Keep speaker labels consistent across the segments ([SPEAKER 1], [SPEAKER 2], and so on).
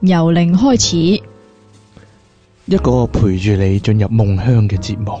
[SPEAKER 1] 由零開始，
[SPEAKER 2] 一個陪住你進入夢鄉嘅節目。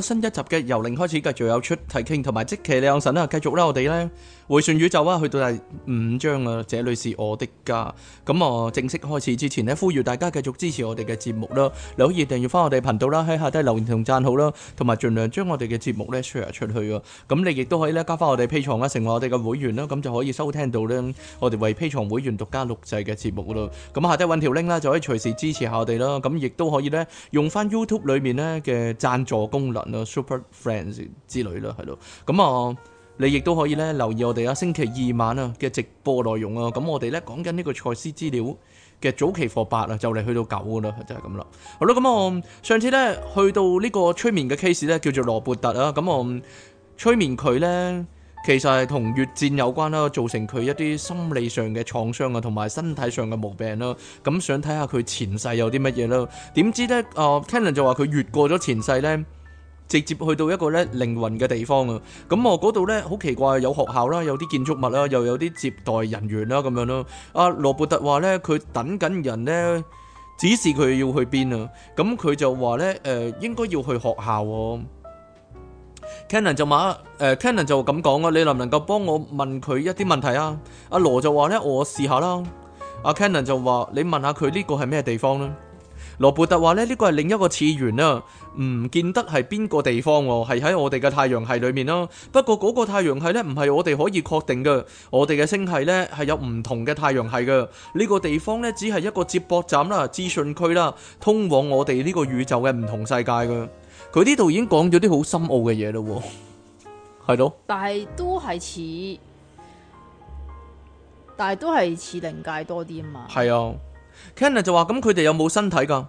[SPEAKER 2] 新一集嘅由零開始繼續有出係傾，同埋即其兩神啦，繼續啦，我哋咧迴旋宇宙啊，去到第五章啊。這裏是我的家。咁啊、嗯，正式開始之前咧，呼籲大家繼續支持我哋嘅節目啦。你可以訂閱翻我哋頻道啦，喺下低留言同讚好啦，同埋盡量將我哋嘅節目咧 share 出去啊。咁你亦都可以咧加翻我哋 P 床啊，成為我哋嘅會員啦，咁就可以收聽到呢，我哋為 P 床會員獨家錄製嘅節目咯。咁下低搵條 link 啦，就可以隨時支持下我哋啦。咁亦都可以咧用翻 YouTube 裏面咧嘅贊助功能。Super Friends 之類啦，係咯。咁、嗯、啊，你亦都可以咧留意我哋啊星期二晚啊嘅直播內容啊。咁、嗯、我哋咧講緊呢個賽斯資料嘅早期貨八啊，了了就嚟、是嗯、去到九噶啦，就係咁啦。好啦，咁我上次咧去到呢個催眠嘅 case 咧，叫做羅伯特啊。咁、嗯、我催眠佢咧，其實係同越戰有關啦，造成佢一啲心理上嘅創傷啊，同埋身體上嘅毛病咯。咁、嗯、想睇下佢前世有啲乜嘢咯？點知咧，啊 Cannon 就話佢越過咗前世咧。直接去到一個咧靈魂嘅地方啊！咁我嗰度咧好奇怪，有學校啦，有啲建築物啦，又有啲接待人員啦咁樣咯、啊。阿、啊、羅伯特話咧，佢等緊人咧指示佢要去邊啊！咁、嗯、佢就話咧誒，應該要去學校、啊。Cannon 就問誒、呃、Cannon 就咁講啊，你能唔能夠幫我問佢一啲問題啊？阿、啊、羅就話咧，我試下啦。阿 Cannon 就話你問下佢呢個係咩地方啦、啊。羅伯特話呢，呢個係另一個次元啦，唔見得係邊個地方，係喺我哋嘅太陽系裏面啦。不過嗰個太陽系呢，唔係我哋可以確定嘅。我哋嘅星系呢，係有唔同嘅太陽系嘅。呢個地方呢，只係一個接駁站啦、資訊區啦，通往我哋呢個宇宙嘅唔同世界噶。佢呢度已經講咗啲好深奧嘅嘢咯，係咯？
[SPEAKER 1] 但係都係似，但係都係似靈界多啲啊嘛。
[SPEAKER 2] 係啊。Cannon 就話：咁佢哋有冇身體㗎？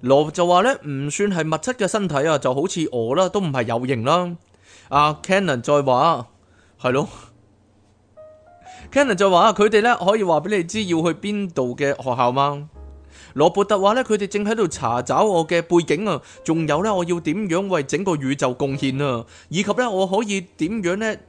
[SPEAKER 2] 羅就話咧，唔算係物質嘅身體啊，就好似我啦，都唔係有形啦。啊 Cannon 再話：係咯。Cannon 就話：佢哋咧可以話俾你知要去邊度嘅學校嗎？羅伯特話咧：佢哋正喺度查找我嘅背景啊，仲有咧，我要點樣為整個宇宙貢獻啊，以及咧，我可以點樣咧？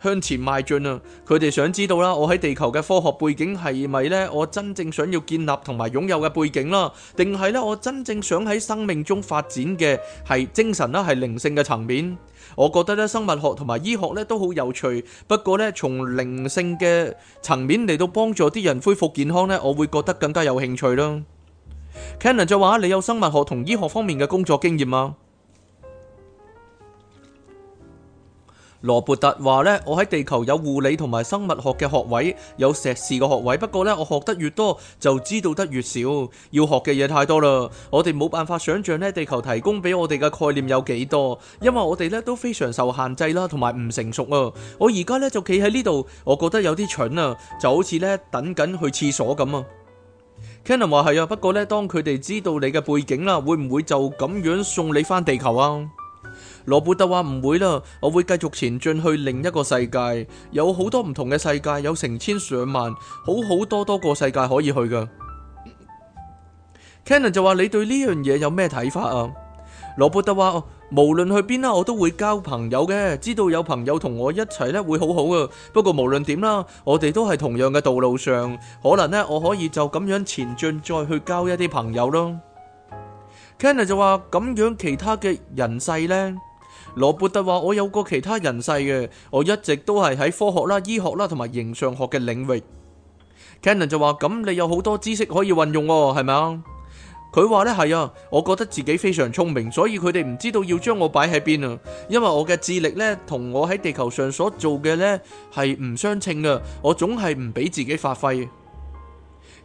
[SPEAKER 2] 向前邁進啊！佢哋想知道啦，我喺地球嘅科學背景係咪呢？我真正想要建立同埋擁有嘅背景啦，定係呢？我真正想喺生命中發展嘅係精神啦，係靈性嘅層面。我覺得呢，生物學同埋醫學呢都好有趣，不過呢，從靈性嘅層面嚟到幫助啲人恢復健康呢，我會覺得更加有興趣咯。Cannon 就話：你有生物學同醫學方面嘅工作經驗嗎？羅伯特話呢，我喺地球有護理同埋生物學嘅學位，有碩士嘅學位。不過呢，我學得越多，就知道得越少。要學嘅嘢太多啦，我哋冇辦法想象呢，地球提供俾我哋嘅概念有幾多。因為我哋呢都非常受限制啦，同埋唔成熟啊。我而家呢就企喺呢度，我覺得有啲蠢啊，就好似呢，等緊去廁所咁啊。Cannon 話係啊，不過呢，當佢哋知道你嘅背景啦，會唔會就咁樣送你返地球啊？羅伯特話，唔會啦，我會繼續前進去另一個世界，有好多唔同嘅世界，有成千上萬，好好多多個世界可以去噶。 Cannon 就話，你對呢樣嘢有咩睇法啊？羅伯特話，無論去邊啦，我都會交朋友嘅，知道有朋友同我一齊咧會好好啊。不過無論點啦，我哋都係同樣嘅道路上，可能咧我可以就咁樣前進再去交一啲朋友咯。Cannon 就話：咁樣其他嘅人世呢？羅伯特話：我有過其他人世嘅，我一直都係喺科學啦、醫學啦同埋形像學嘅領域。Cannon 就話：咁你有好多知識可以運用喎、哦，係咪啊？佢話呢係啊，我覺得自己非常聰明，所以佢哋唔知道要將我擺喺邊啊，因為我嘅智力呢，同我喺地球上所做嘅呢，係唔相稱啊，我總係唔俾自己發揮。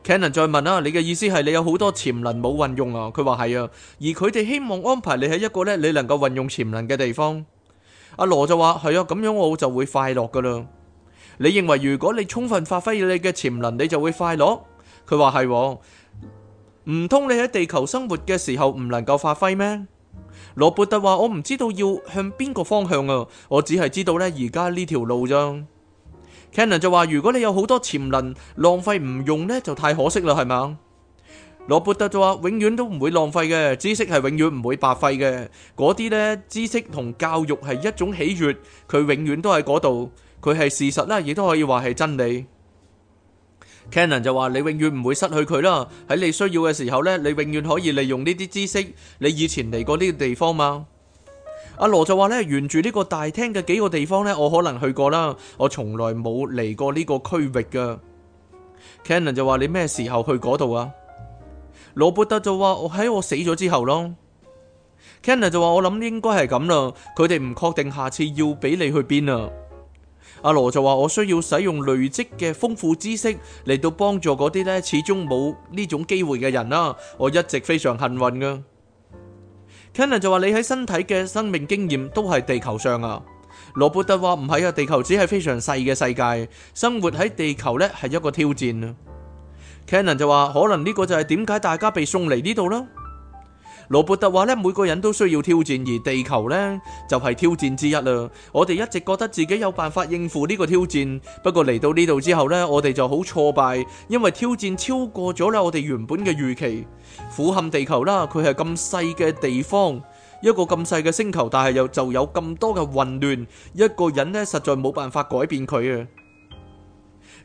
[SPEAKER 2] Canon 再問啊，你嘅意思係你有好多潛能冇運用啊？佢話係啊，而佢哋希望安排你喺一個咧，你能夠運用潛能嘅地方。阿、啊、羅就話係啊，咁樣我就會快樂噶啦。你認為如果你充分發揮你嘅潛能，你就會快樂？佢話係，唔通你喺地球生活嘅時候唔能夠發揮咩？羅伯特話：我唔知道要向邊個方向啊，我只係知道呢而家呢條路啫。Cannon 就話：如果你有好多潛能，浪費唔用咧，就太可惜啦，係嘛？羅伯特就話：永遠都唔會浪費嘅，知識係永遠唔會白費嘅。嗰啲咧，知識同教育係一種喜悅，佢永遠都喺嗰度，佢係事實啦，亦都可以話係真理。Cannon 就話：你永遠唔會失去佢啦，喺你需要嘅時候咧，你永遠可以利用呢啲知識。你以前嚟過呢個地方嘛？阿羅就話咧，沿住呢個大廳嘅幾個地方呢，我可能去過啦，我從來冇嚟過呢個區域噶。Cannon 就話你咩時候去嗰度啊？羅伯特就話我喺我死咗之後咯。Cannon 就話我諗應該係咁啦，佢哋唔確定下次要俾你去邊啊。阿羅就話我需要使用累積嘅豐富知識嚟到幫助嗰啲呢，始終冇呢種機會嘅人啦。我一直非常幸運噶。Kenan 就話：你喺身體嘅生命經驗都係地球上啊。羅伯特話：唔係啊，地球只係非常細嘅世界，生活喺地球咧係一個挑戰啊。Kenan 就話：可能呢個就係點解大家被送嚟呢度囉。羅伯特話咧：每個人都需要挑戰，而地球呢，就係挑戰之一啦。我哋一直覺得自己有辦法應付呢個挑戰，不過嚟到呢度之後呢，我哋就好挫敗，因為挑戰超過咗啦我哋原本嘅預期。俯瞰地球啦，佢係咁細嘅地方，一個咁細嘅星球，但係又就有咁多嘅混亂，一個人呢，實在冇辦法改變佢啊。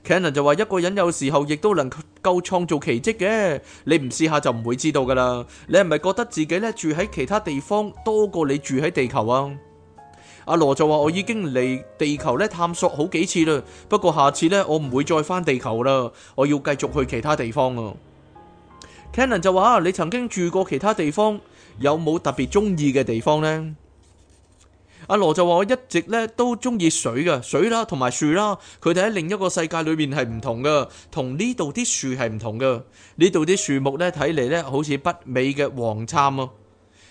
[SPEAKER 2] Canon 就話，一個人有時候亦都能夠創造奇蹟嘅，你唔試下就唔會知道噶啦。你係咪覺得自己咧住喺其他地方多過你住喺地球啊？阿羅就話，我已經嚟地球咧探索好幾次啦，不過下次咧我唔會再返地球啦，我要繼續去其他地方啊。Canon 就話，你曾經住過其他地方，有冇特別中意嘅地方呢？阿羅就話：我一直咧都中意水嘅水啦，同埋樹啦，佢哋喺另一個世界裏面係唔同嘅，同呢度啲樹係唔同嘅。呢度啲樹木咧睇嚟咧好似北美嘅黃杉咯，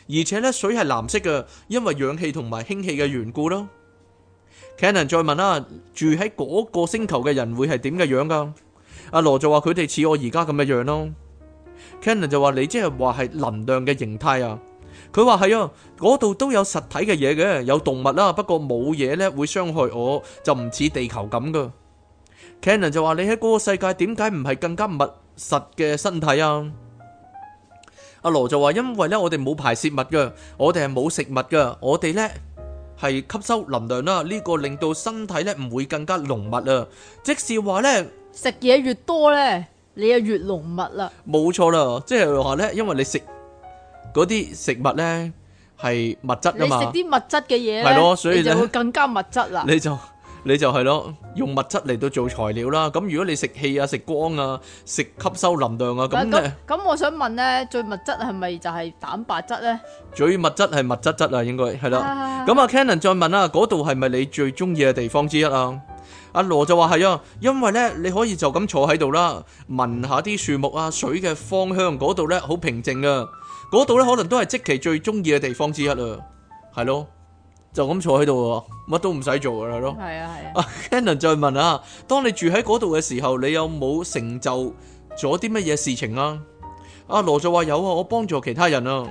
[SPEAKER 2] 而且咧水係藍色嘅，因為氧氣同埋氫氣嘅緣故咯。Cannon 再問啦，住喺嗰個星球嘅人會係點嘅樣噶？阿羅就話，佢哋似我而家咁嘅樣咯。Cannon 就話：你即係話係能量嘅形態啊？佢話係啊，嗰度都有實體嘅嘢嘅，有動物啦，不過冇嘢咧會傷害我，就唔似地球咁噶。Cannon 就話：你喺嗰個世界點解唔係更加密實嘅身體啊？阿羅就話：因為咧，我哋冇排泄物噶，我哋係冇食物噶，我哋咧係吸收能量啦，呢個令到身體咧唔會更加濃密啊。即是話咧，
[SPEAKER 1] 食嘢越多咧，你就越濃密啦。
[SPEAKER 2] 冇錯啦，即係話咧，因為你食。嗰啲食物咧係物質啊嘛，你食啲
[SPEAKER 1] 物質嘅嘢咧，係咯，所以你就會更加物質啦。你
[SPEAKER 2] 就你就係咯，用物質嚟到做材料啦。咁如果你食氣啊、食光啊、食吸收能量啊，咁咧，
[SPEAKER 1] 咁我想問咧，最物質係咪就係蛋白質咧？
[SPEAKER 2] 最物質係物質質啊，應該係啦。咁啊，Cannon 再問啊，嗰度係咪你最中意嘅地方之一啊？阿羅就話係啊，因為咧你可以就咁坐喺度啦，聞下啲樹木啊、水嘅芳香，嗰度咧好平靜啊。嗰度咧可能都係積奇最中意嘅地方之一啊，係咯，就咁坐喺度，乜都唔使做㗎係咯。係啊係啊。阿 Cannon 再問啊，當你住喺嗰度嘅時候，你有冇成就咗啲乜嘢事情啊？阿羅就話有啊，我幫助其他人啊。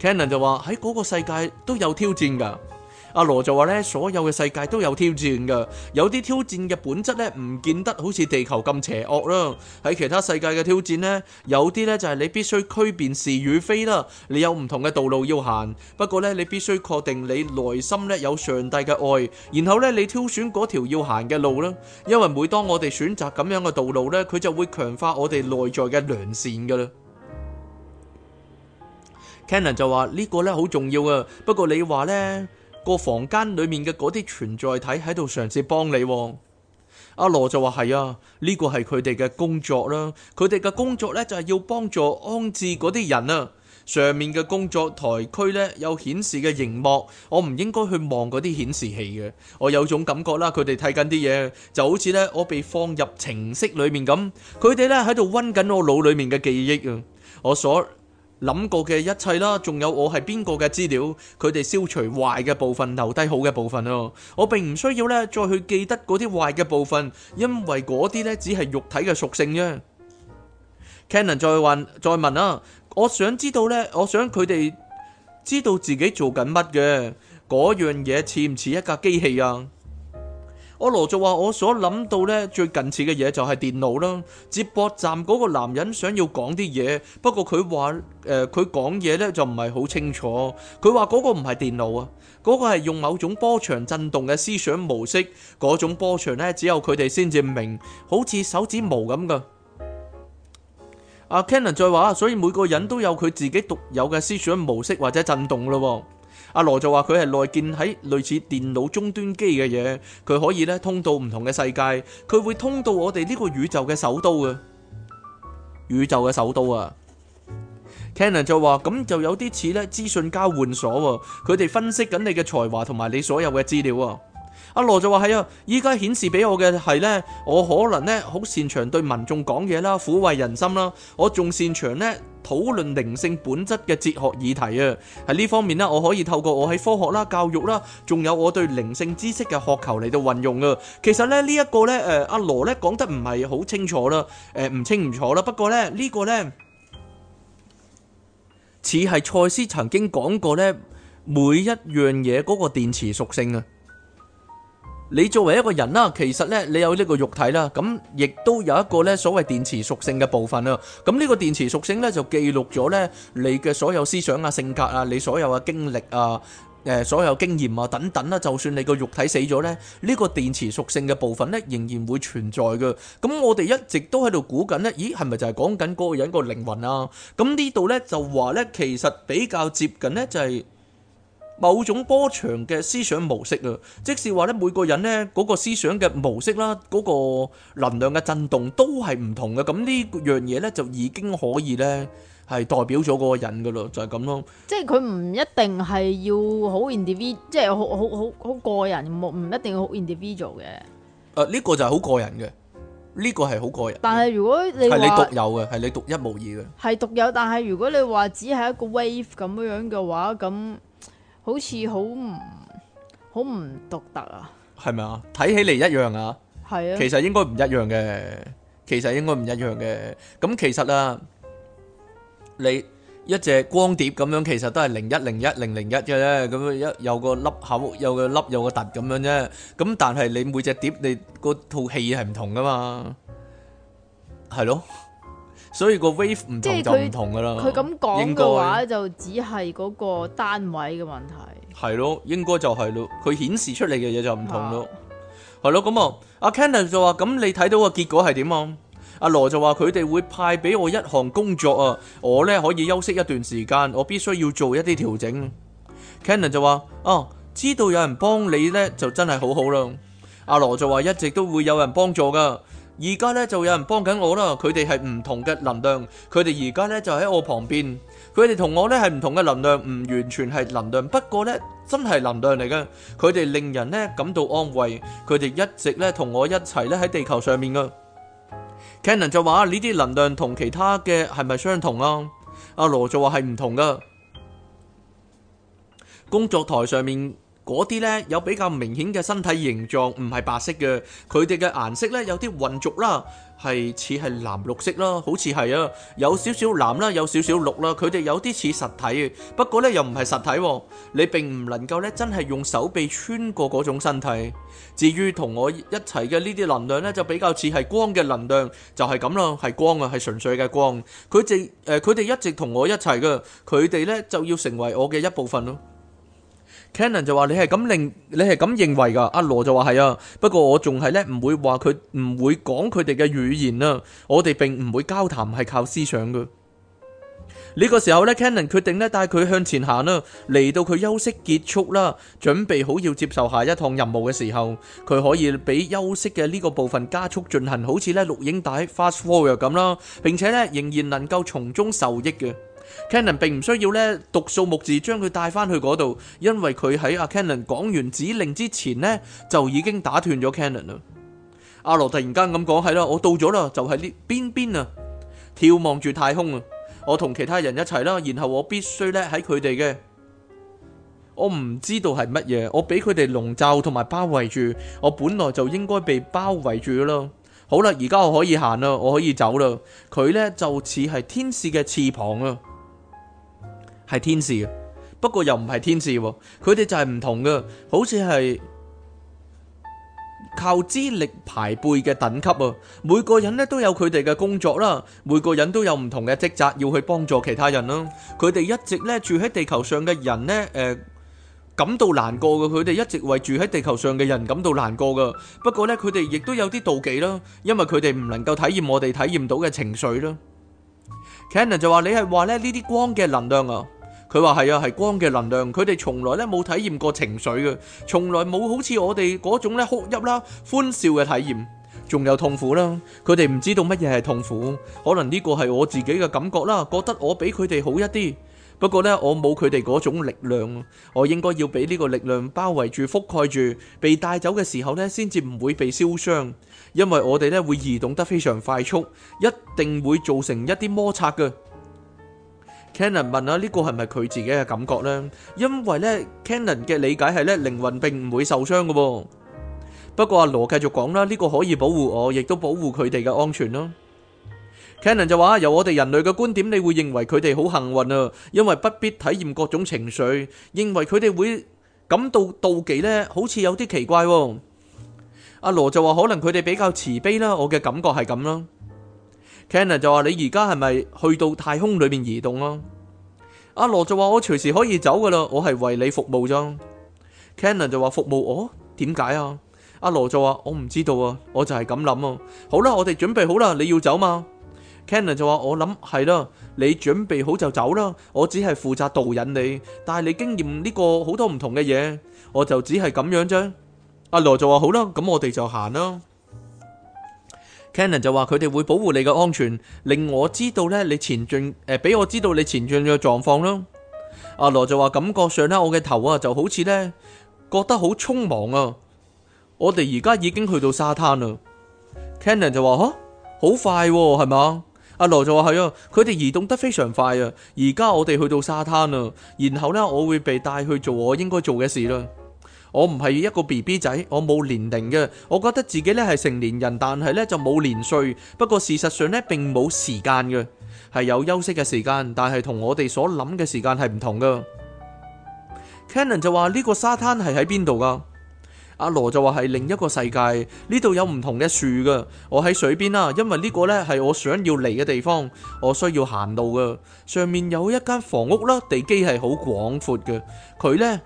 [SPEAKER 2] Cannon 就話喺嗰個世界都有挑戰㗎。阿羅就話咧，所有嘅世界都有挑戰噶，有啲挑戰嘅本質咧，唔見得好似地球咁邪惡啦。喺其他世界嘅挑戰咧，有啲咧就係你必須區辨是與非啦。你有唔同嘅道路要行，不過咧你必須確定你內心咧有上帝嘅愛，然後咧你挑選嗰條要行嘅路啦。因為每當我哋選擇咁樣嘅道路咧，佢就會強化我哋內在嘅良善噶啦。Cannon 就話呢個咧好重要啊，不過你話咧。個房間裏面嘅嗰啲存在體喺度嘗試幫你喎，阿羅就話係啊，呢個係佢哋嘅工作啦，佢哋嘅工作呢，就係要幫助安置嗰啲人啊。上面嘅工作台區呢，有顯示嘅熒幕，我唔應該去望嗰啲顯示器嘅，我有種感覺啦，佢哋睇緊啲嘢，就好似呢，我被放入程式裏面咁，佢哋呢，喺度溫緊我腦裏面嘅記憶啊，我所諗過嘅一切啦，仲有我係邊個嘅資料，佢哋消除壞嘅部分，留低好嘅部分咯。我並唔需要咧，再去記得嗰啲壞嘅部分，因為嗰啲咧只係肉體嘅屬性啫。Cannon 再問，再問啊！我想知道咧，我想佢哋知道自己做緊乜嘅嗰樣嘢似唔似一架機器啊？我羅就話，我所諗到呢最近似嘅嘢就係電腦啦，接駁站嗰個男人想要講啲嘢，不過佢、呃、話誒佢講嘢呢就唔係好清楚，佢話嗰個唔係電腦啊，嗰、那個係用某種波長震動嘅思想模式，嗰種波長呢，只有佢哋先至明，好似手指模咁噶。阿、啊、Cannon 再話，所以每個人都有佢自己獨有嘅思想模式或者震動咯。阿羅就話佢係內建喺類似電腦終端機嘅嘢，佢可以咧通到唔同嘅世界，佢會通到我哋呢個宇宙嘅首都嘅宇宙嘅首都啊！Cannon 就話咁就有啲似咧資訊交換所喎，佢哋分析緊你嘅才華同埋你所有嘅資料啊！阿羅就話係啊，依家顯示俾我嘅係呢。我可能呢，好擅長對民眾講嘢啦，撫慰人心啦，我仲擅長呢，討論靈性本質嘅哲學議題啊。喺呢方面呢，我可以透過我喺科學啦、教育啦，仲有我對靈性知識嘅渴求嚟到運用啊。其實呢、這個，呢一個呢，誒阿羅呢講得唔係好清楚啦，誒唔清唔楚啦。不過呢、這個，呢個呢，似係賽斯曾經講過呢，每一樣嘢嗰個電磁屬性啊。你作為一個人啦，其實咧，你有呢個肉體啦，咁亦都有一個咧所謂電磁屬性嘅部分啊。咁呢個電磁屬性咧就記錄咗咧你嘅所有思想啊、性格啊、你所有嘅經歷啊、誒所有經驗啊等等啦。就算你個肉體死咗咧，呢個電磁屬性嘅部分咧仍然會存在嘅。咁我哋一直都喺度估緊咧，咦，係咪就係講緊嗰個人個靈魂啊？咁呢度咧就話咧，其實比較接近咧就係。某種波長嘅思想模式啊，即係話咧，每個人咧嗰個思想嘅模式啦，嗰個能量嘅震動都係唔同嘅。咁呢樣嘢咧就已經可以咧係代表咗嗰個人㗎喇，就係咁咯。
[SPEAKER 1] 即係佢唔一定係要好 individual，即係好好好好個人，冇唔一定要好 individual 嘅。
[SPEAKER 2] 誒，呢個就係好個人嘅，呢個係好個人。
[SPEAKER 1] 但係如果你係你獨
[SPEAKER 2] 有嘅，係你獨一無二嘅，
[SPEAKER 1] 係獨有。但係如果你話只係一個 wave 咁樣嘅話，咁。好似好唔好唔獨特
[SPEAKER 2] 啊？係咪啊？睇起嚟一樣啊，係啊其、其實應該唔一樣嘅，其實應該唔一樣嘅。咁其實啊，你一隻光碟咁樣，其實都係零一零一零零一嘅咧。咁一有個凹口，有個凹，有個凸咁樣啫。咁但係你每隻碟，你套戲係唔同噶嘛，係咯。所以個 wave 唔同就唔同噶啦。佢咁講嘅話該
[SPEAKER 1] 就只係嗰個單位嘅問題。
[SPEAKER 2] 係咯，應該就係咯。佢顯示出嚟嘅嘢就唔同咯、啊。係、嗯、咯，咁啊，阿 Kennan 就話：咁你睇到個結果係點啊？阿、啊、羅就話：佢哋會派俾我一項工作啊，我咧可以休息一段時間，我必須要做一啲調整。Kennan 就話：哦、啊，知道有人幫你咧，就真係好好啦。阿、啊、羅就話：一直都會有人幫助㗎。而家咧就有人幫緊我啦，佢哋係唔同嘅能量，佢哋而家咧就喺我旁邊，佢哋同我咧係唔同嘅能量，唔完全係能量，不過咧真係能量嚟噶，佢哋令人咧感到安慰，佢哋一直咧同我一齊咧喺地球上面噶。Cannon 就話，呢啲能量同其他嘅係咪相同啊？阿羅就話係唔同噶，工作台上面。嗰啲呢有比較明顯嘅身體形狀，唔係白色嘅，佢哋嘅顏色呢有啲混濁啦，係似係藍綠色啦，好似係啊，有少少藍啦，有少少綠啦，佢哋有啲似實體嘅，不過呢又唔係實體喎，你並唔能夠呢真係用手臂穿過嗰種身體。至於同我一齊嘅呢啲能量呢，就比較似係光嘅能量，就係咁啦，係光啊，係純粹嘅光。佢哋，呃，佢哋一直同我一齊嘅，佢哋呢就要成為我嘅一部分咯。Canon 就話：你係咁令，你係咁認為㗎。阿羅就話：係啊，不過我仲係咧，唔會話佢，唔會講佢哋嘅語言啊。我哋並唔會交談，係靠思想嘅。呢個時候咧，Canon 決定咧帶佢向前行啦，嚟到佢休息結束啦，準備好要接受下一趟任務嘅時候，佢可以俾休息嘅呢個部分加速進行，好似咧錄影帶 fast forward 咁啦。並且咧仍然能夠從中受益嘅。Cannon 並唔需要咧讀數目字將佢帶翻去嗰度，因為佢喺阿、啊、Cannon 講完指令之前呢，就已經打斷咗 Cannon 啦。阿、啊、羅突然間咁講：係啦，我到咗啦，就喺呢邊邊啊，眺望住太空啊。我同其他人一齊啦，然後我必須咧喺佢哋嘅。我唔知道係乜嘢，我俾佢哋籠罩同埋包圍住。我本來就應該被包圍住咯。好啦，而家我可以行啦，我可以走啦。佢咧就似係天使嘅翅膀啊！係天使嘅，不過又唔係天使，佢哋就係唔同嘅，好似係靠資歷排輩嘅等級啊！每個人咧都有佢哋嘅工作啦，每個人都有唔同嘅職責要去幫助其他人啦。佢哋一直咧住喺地球上嘅人咧，誒，感到難過嘅，佢哋一直為住喺地球上嘅人感到難過噶。不過咧，佢哋亦都有啲妒忌啦，因為佢哋唔能夠體驗我哋體驗到嘅情緒啦。Cannon 就話你係話咧呢啲光嘅能量啊！佢話係啊，係光嘅能量。佢哋從來咧冇體驗過情緒嘅，從來冇好似我哋嗰種咧哭泣啦、歡笑嘅體驗，仲有痛苦啦。佢哋唔知道乜嘢係痛苦。可能呢個係我自己嘅感覺啦，覺得我比佢哋好一啲。不過呢，我冇佢哋嗰種力量，我應該要俾呢個力量包圍住、覆蓋住，被帶走嘅時候呢，先至唔會被燒傷。因為我哋呢會移動得非常快速，一定會造成一啲摩擦嘅。Cannon 問啊，呢個係咪佢自己嘅感覺咧？因為咧，Cannon 嘅理解係咧，靈魂並唔會受傷嘅喎。不過阿羅繼續講啦，呢個可以保護我，亦都保護佢哋嘅安全囉。Cannon 就話：由我哋人類嘅觀點，你會認為佢哋好幸運啊，因為不必體驗各種情緒，認為佢哋會感到妒忌咧，好似有啲奇怪。阿羅就話：可能佢哋比較慈悲啦，我嘅感覺係咁囉。Cannon 就話：你而家係咪去到太空裏面移動啊？阿羅就話：我隨時可以走噶啦，我係為你服務啫。Cannon 就話：服務我點解啊？阿羅就話：我唔知道啊，我就係咁諗啊。好啦，我哋準備好啦，你要走嘛？Cannon 就話：我諗係啦，你準備好就走啦。我只係負責導引你，但係你經驗呢個好多唔同嘅嘢，我就只係咁樣啫。阿羅就話：好啦，咁我哋就行啦。Cannon 就話，佢哋會保護你嘅安全，令我知道咧你前進，誒、呃、俾我知道你前進嘅狀況咯。阿羅就話，感覺上咧，我嘅頭啊就好似咧覺得好匆忙啊。我哋而家已經去到沙灘啦。Cannon 就話，嚇，好快喎，啊，係嘛？阿羅就話，係啊，佢哋移動得非常快啊。而家我哋去到沙灘啦，然後咧我會被帶去做我應該做嘅事啦。我唔係一個 B B 仔，我冇年齡嘅，我覺得自己呢係成年人，但係呢就冇年歲。不過事實上呢並冇時間嘅，係有休息嘅時間，但係同我哋所諗嘅時間係唔同嘅。Canon 就話呢、呢個沙灘係喺邊度噶？阿羅就話係另一個世界，呢度有唔同嘅樹噶。我喺水邊啊，因為呢個呢係我想要嚟嘅地方，我需要行路噶。上面有一間房屋啦，地基係好廣闊嘅。佢呢。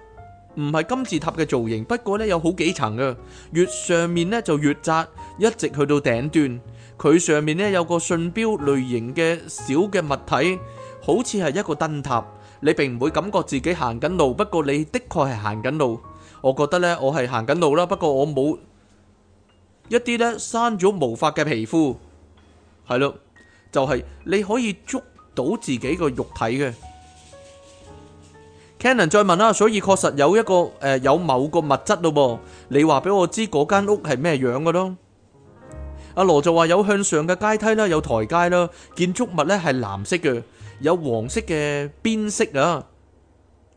[SPEAKER 2] 唔係金字塔嘅造型，不過呢有好幾層嘅，越上面呢就越窄，一直去到頂端。佢上面呢有個信標類型嘅小嘅物體，好似係一個燈塔。你並唔會感覺自己行緊路，不過你的確係行緊路。我覺得呢，我係行緊路啦，不過我冇一啲呢生咗毛髮嘅皮膚，係咯，就係你可以捉到自己個肉體嘅。Cannon 再問啦，所以確實有一個誒有某個物質咯噃，你話俾我知嗰間屋係咩樣嘅咯？阿羅就話有向上嘅階梯啦，有台階啦，建築物咧係藍色嘅，有黃色嘅邊飾啊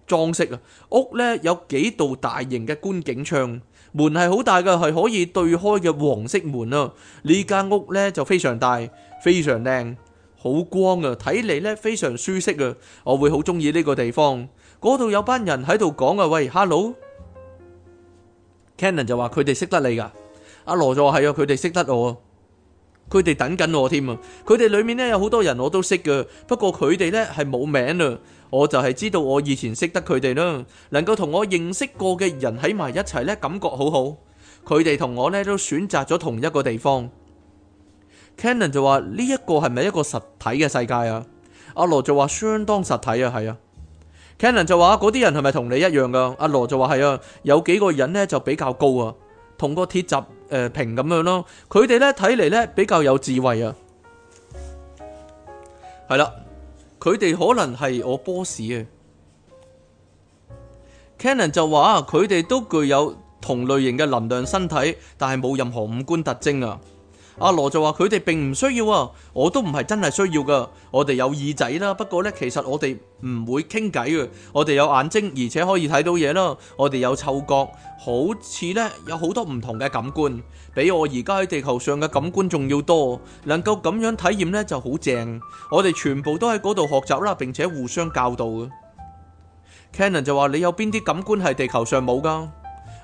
[SPEAKER 2] 裝飾啊，屋咧有幾道大型嘅觀景窗，門係好大嘅，係可以對開嘅黃色門啊。呢間屋咧就非常大，非常靚，好光啊，睇嚟咧非常舒適啊，我會好中意呢個地方。嗰度有班人喺度講啊，喂，Hello，Cannon 就話佢哋識得你噶，阿羅就話係啊，佢哋識得我，佢哋等緊我添啊，佢哋裏面呢有好多人我都識噶，不過佢哋呢係冇名啊，我就係知道我以前識得佢哋啦，能夠同我認識過嘅人喺埋一齊呢，感覺好好，佢哋同我呢都選擇咗同一個地方，Cannon 就話呢一個係咪一個實體嘅世界啊？阿羅就話相當實體啊，係啊。Canon 就話：嗰啲人係咪同你一樣㗎？阿羅就話：係啊，有幾個人咧就比較高啊，同個鐵閘誒平咁樣咯。佢哋咧睇嚟咧比較有智慧啊。係啦，佢哋可能係我 boss 啊。Canon 就話：佢哋都具有同類型嘅能量身體，但係冇任何五官特徵啊。阿羅就話：佢哋並唔需要啊，我都唔係真係需要噶。我哋有耳仔啦，不過呢，其實我哋唔會傾偈嘅。我哋有眼睛，而且可以睇到嘢啦。我哋有嗅覺，好似呢，有好多唔同嘅感官，比我而家喺地球上嘅感官仲要多。能夠咁樣體驗呢就好正。我哋全部都喺嗰度學習啦，並且互相教導嘅。Cannon 就話：你有邊啲感官係地球上冇㗎？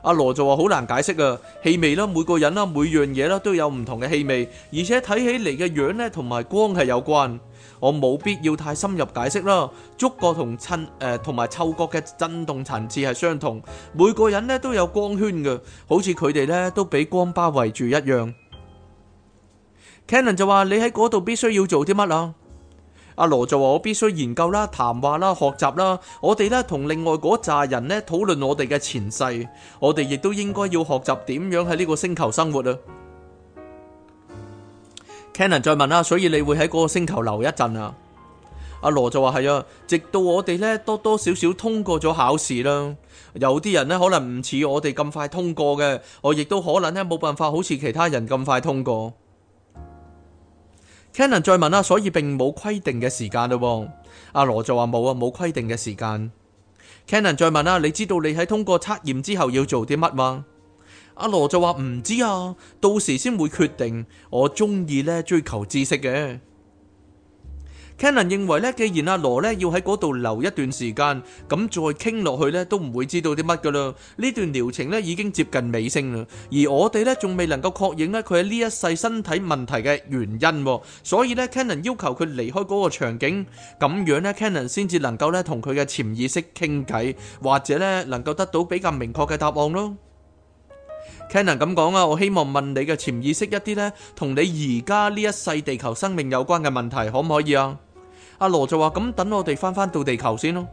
[SPEAKER 2] 阿羅就話，好難解釋啊，氣味啦，每個人啦，每樣嘢啦，都有唔同嘅氣味，而且睇起嚟嘅樣咧，同埋光係有關。我冇必要太深入解釋啦。觸覺同親誒，同、呃、埋嗅覺嘅震動層次係相同。每個人咧都有光圈嘅，好似佢哋咧都俾光包圍住一樣。Cannon 就話，你喺嗰度必須要做啲乜啊？阿羅就話：我必須研究啦、談話啦、學習啦。我哋咧同另外嗰扎人咧討論我哋嘅前世。我哋亦都應該要學習點樣喺呢個星球生活啊。Cannon 再問啦，所以你會喺嗰個星球留一陣啊？阿羅就話：係啊，直到我哋咧多多少少通過咗考試啦。有啲人咧可能唔似我哋咁快通過嘅，我亦都可能咧冇辦法好似其他人咁快通過。Canon 再問啦，所以並冇規定嘅時間咯。阿、啊、羅就話，冇啊，冇規定嘅時間。Canon 再問啦，你知道你喺通過測驗之後要做啲乜嗎？阿、啊、羅就話唔知啊，到時先會決定。我中意呢追求知識嘅。Cannon 認為咧，既然阿羅咧要喺嗰度留一段時間，咁再傾落去咧都唔會知道啲乜㗎喇。呢段療程咧已經接近尾聲啦，而我哋咧仲未能夠確認咧佢喺呢一世身體問題嘅原因，所以咧 Cannon 要求佢離開嗰個場景，咁樣咧 Cannon 先至能夠咧同佢嘅潛意識傾偈，或者咧能夠得到比較明確嘅答案咯。Cannon 咁講啊，我希望問你嘅潛意識一啲呢，同你而家呢一世地球生命有關嘅問題，可唔可以啊？阿羅就話咁，等我哋返返到地球先咯。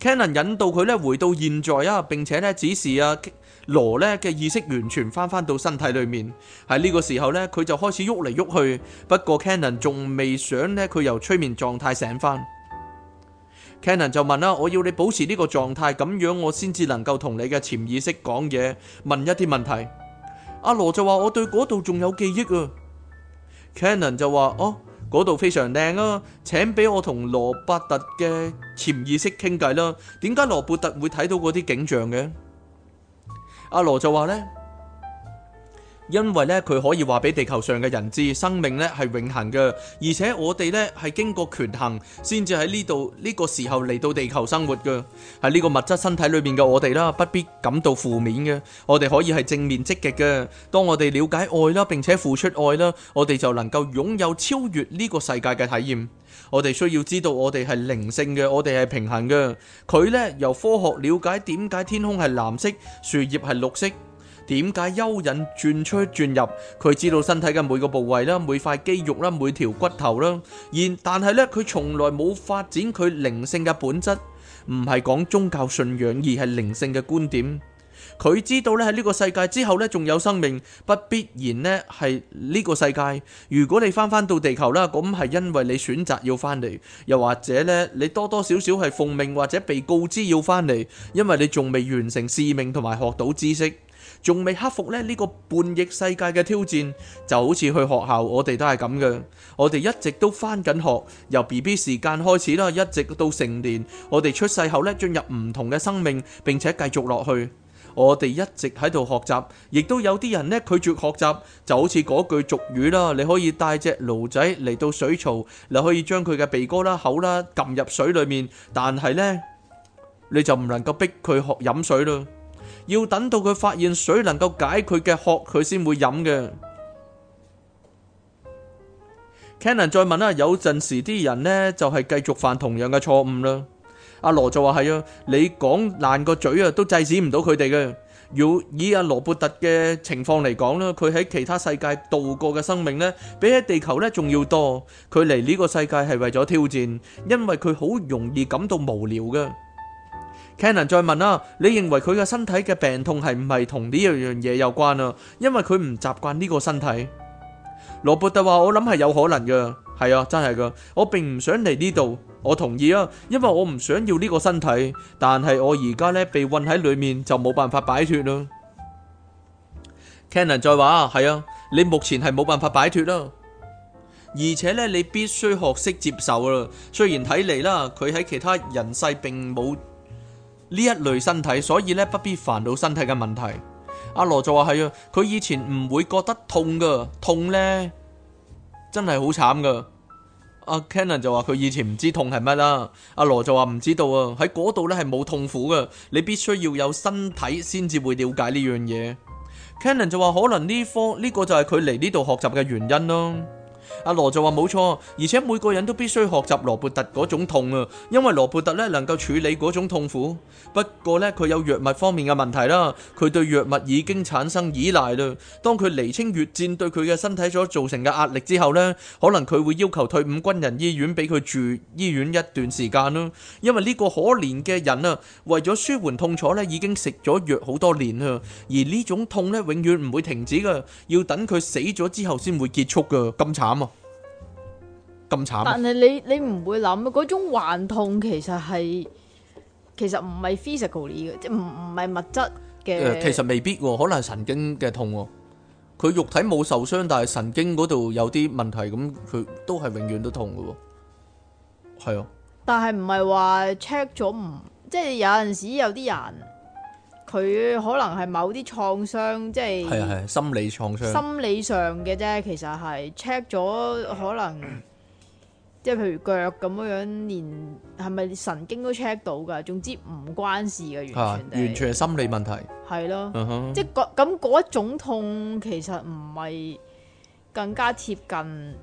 [SPEAKER 2] Cannon 引導佢呢回到現在啊，並且呢指示阿羅呢嘅意識完全返返到身體裏面。喺呢個時候呢，佢就開始喐嚟喐去，不過 Cannon 仲未想呢，佢由催眠狀態醒返。Cannon 就問啦，啊，我要你保持呢個狀態，咁樣我先至能夠同你嘅潛意識講嘢，問一啲問題。阿羅就話，我對嗰度仲有記憶啊。Cannon 就話，哦，嗰度非常靚啊，請俾我同羅伯特嘅潛意識傾偈啦。點解羅伯特會睇到嗰啲景象嘅？阿羅就話呢。因為咧，佢可以話俾地球上嘅人知，生命咧係永恆嘅，而且我哋咧係經過權衡，先至喺呢度呢個時候嚟到地球生活嘅。喺呢個物質身體裏面嘅我哋啦，不必感到負面嘅，我哋可以係正面積極嘅。當我哋了解愛啦，並且付出愛啦，我哋就能夠擁有超越呢個世界嘅體驗。我哋需要知道我哋係靈性嘅，我哋係平衡嘅。佢呢，由科學了解點解天空係藍色，樹葉係綠色。點解幽隱轉出轉入？佢知道身體嘅每個部位啦，每塊肌肉啦，每條骨頭啦。然但係呢，佢從來冇發展佢靈性嘅本質，唔係講宗教信仰，而係靈性嘅觀點。佢知道呢，喺呢個世界之後呢，仲有生命，不必然呢，係呢個世界。如果你翻返到地球啦，咁係因為你選擇要返嚟，又或者呢，你多多少少係奉命或者被告知要返嚟，因為你仲未完成使命同埋學到知識。仲未克服咧呢個叛逆世界嘅挑戰，就好似去學校，我哋都係咁嘅。我哋一直都翻緊學，由 BB 時間開始啦，一直到成年。我哋出世後咧，進入唔同嘅生命，並且繼續落去。我哋一直喺度學習，亦都有啲人咧拒絕學習，就好似嗰句俗語啦。你可以帶隻驢仔嚟到水槽，你可以將佢嘅鼻哥啦、口啦撳入水裏面，但係咧，你就唔能夠逼佢學飲水啦。要等到佢發現水能夠解佢嘅渴，佢先會飲嘅。Cannon 再問啦，有陣時啲人呢就係繼續犯同樣嘅錯誤啦。阿羅就話係啊，你講爛個嘴啊，都制止唔到佢哋嘅。要以阿羅伯特嘅情況嚟講呢，佢喺其他世界度過嘅生命呢，比起地球呢仲要多。佢嚟呢個世界係為咗挑戰，因為佢好容易感到無聊噶。Canon 再問啦，你認為佢嘅身體嘅病痛係唔係同呢樣樣嘢有關啊？因為佢唔習慣呢個身體。羅伯特話：我諗係有可能嘅，係啊，真係噶。我並唔想嚟呢度，我同意啊，因為我唔想要呢個身體。但係我而家呢被困喺裡面，就冇辦法擺脫咯。Canon 再話：係啊，你目前係冇辦法擺脫咯。而且呢，你必須學識接受啊。雖然睇嚟啦，佢喺其他人世並冇呢一類身體，所以咧，不必煩惱身體嘅問題。阿羅就話係啊，佢以前唔會覺得痛噶，痛呢？真係好慘噶。阿 Canon 就話佢以前唔知痛係乜啦。阿羅就話唔知道啊，喺嗰度呢係冇痛苦噶，你必須要有身體先至會了解呢樣嘢。Canon 就話可能呢科呢個就係佢嚟呢度學習嘅原因咯。阿羅就話冇錯，而且每個人都必須學習羅拔特嗰種痛啊，因為羅拔特咧能夠處理嗰種痛苦。不過咧佢有藥物方面嘅問題啦，佢對藥物已經產生依賴啦。當佢厘清越戰對佢嘅身體所造成嘅壓力之後咧，可能佢會要求退伍軍人醫院俾佢住醫院一段時間啦。因為呢個可憐嘅人啊，為咗舒緩痛楚咧已經食咗藥好多年啦，而呢種痛咧永遠唔會停止噶，要等佢死咗之後先會結束噶，咁慘。咁慘，但
[SPEAKER 1] 係你你唔會諗嗰種幻痛，其實係其實唔係 physically 嘅，即係唔唔係物質嘅。誒，其實
[SPEAKER 2] 未必，可能係神經嘅痛。佢肉體冇受傷，但係神經嗰度有啲問題，咁佢都係永遠都痛嘅。係啊，
[SPEAKER 1] 但係唔係話 check 咗唔，即係有陣時有啲人佢可能係某啲創傷，即係係啊係
[SPEAKER 2] 啊，心理創傷，心
[SPEAKER 1] 理上嘅啫。其實係 check 咗可能。即係譬如腳咁樣樣，連係咪神經都 check 到噶？總之唔關事嘅、啊，完全係完
[SPEAKER 2] 全係心理問題。
[SPEAKER 1] 係咯的，嗯、哼即係嗰咁一種痛，其實唔係更加貼近，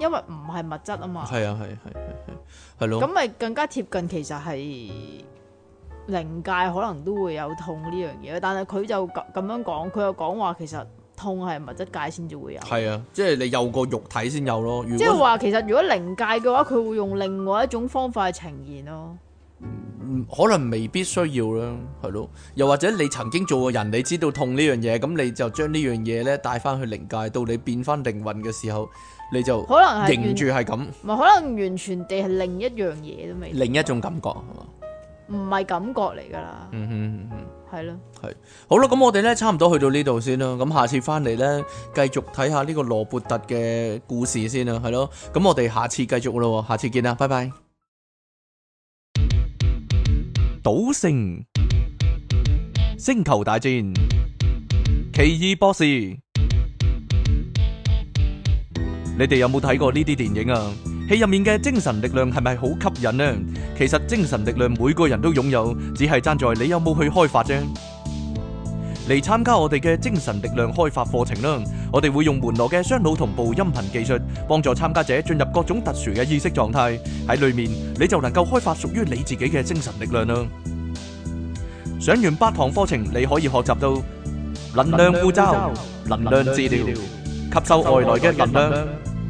[SPEAKER 1] 因為唔係物質啊嘛。係啊係
[SPEAKER 2] 係係係咯。咁咪
[SPEAKER 1] 更加貼近，其實係靈界可能都會有痛呢樣嘢，但係佢就咁咁樣講，佢又講話其實。痛係物質界先至會有，係
[SPEAKER 2] 啊，即係你有個肉體先有咯。即係話
[SPEAKER 1] 其實如果靈界嘅話，佢會用另外一種方法去呈現咯。
[SPEAKER 2] 可能未必需要啦，係咯。又或者你曾經做過人，你知道痛呢樣嘢，咁你就將呢樣嘢咧帶翻去靈界，到你變翻靈魂嘅時候，你就可能認住係咁。唔
[SPEAKER 1] 係，可能完全地係另一樣嘢都未，
[SPEAKER 2] 另一種感覺係嘛？
[SPEAKER 1] 唔係感覺嚟噶啦。嗯哼。係咯，
[SPEAKER 2] 係好啦，咁我哋咧差唔多去到呢度先啦，咁下次翻嚟咧繼續睇下呢個羅伯特嘅故事先啦，係咯，咁我哋下次繼續咯，下次見啦，拜拜。賭聖、星球大戰、奇異博士，你哋有冇睇過呢啲電影啊？戲入面嘅精神力量係咪好吸引呢？其實精神力量每個人都擁有，只係站在你有冇去開發啫。嚟參加我哋嘅精神力量開發課程啦，我哋會用門羅嘅雙腦同步音頻技術，幫助參加者進入各種特殊嘅意識狀態。喺裏面你就能夠開發屬於你自己嘅精神力量啦。上完八堂課程，你可以學習到能量護罩、能量治療、吸收外來嘅能量。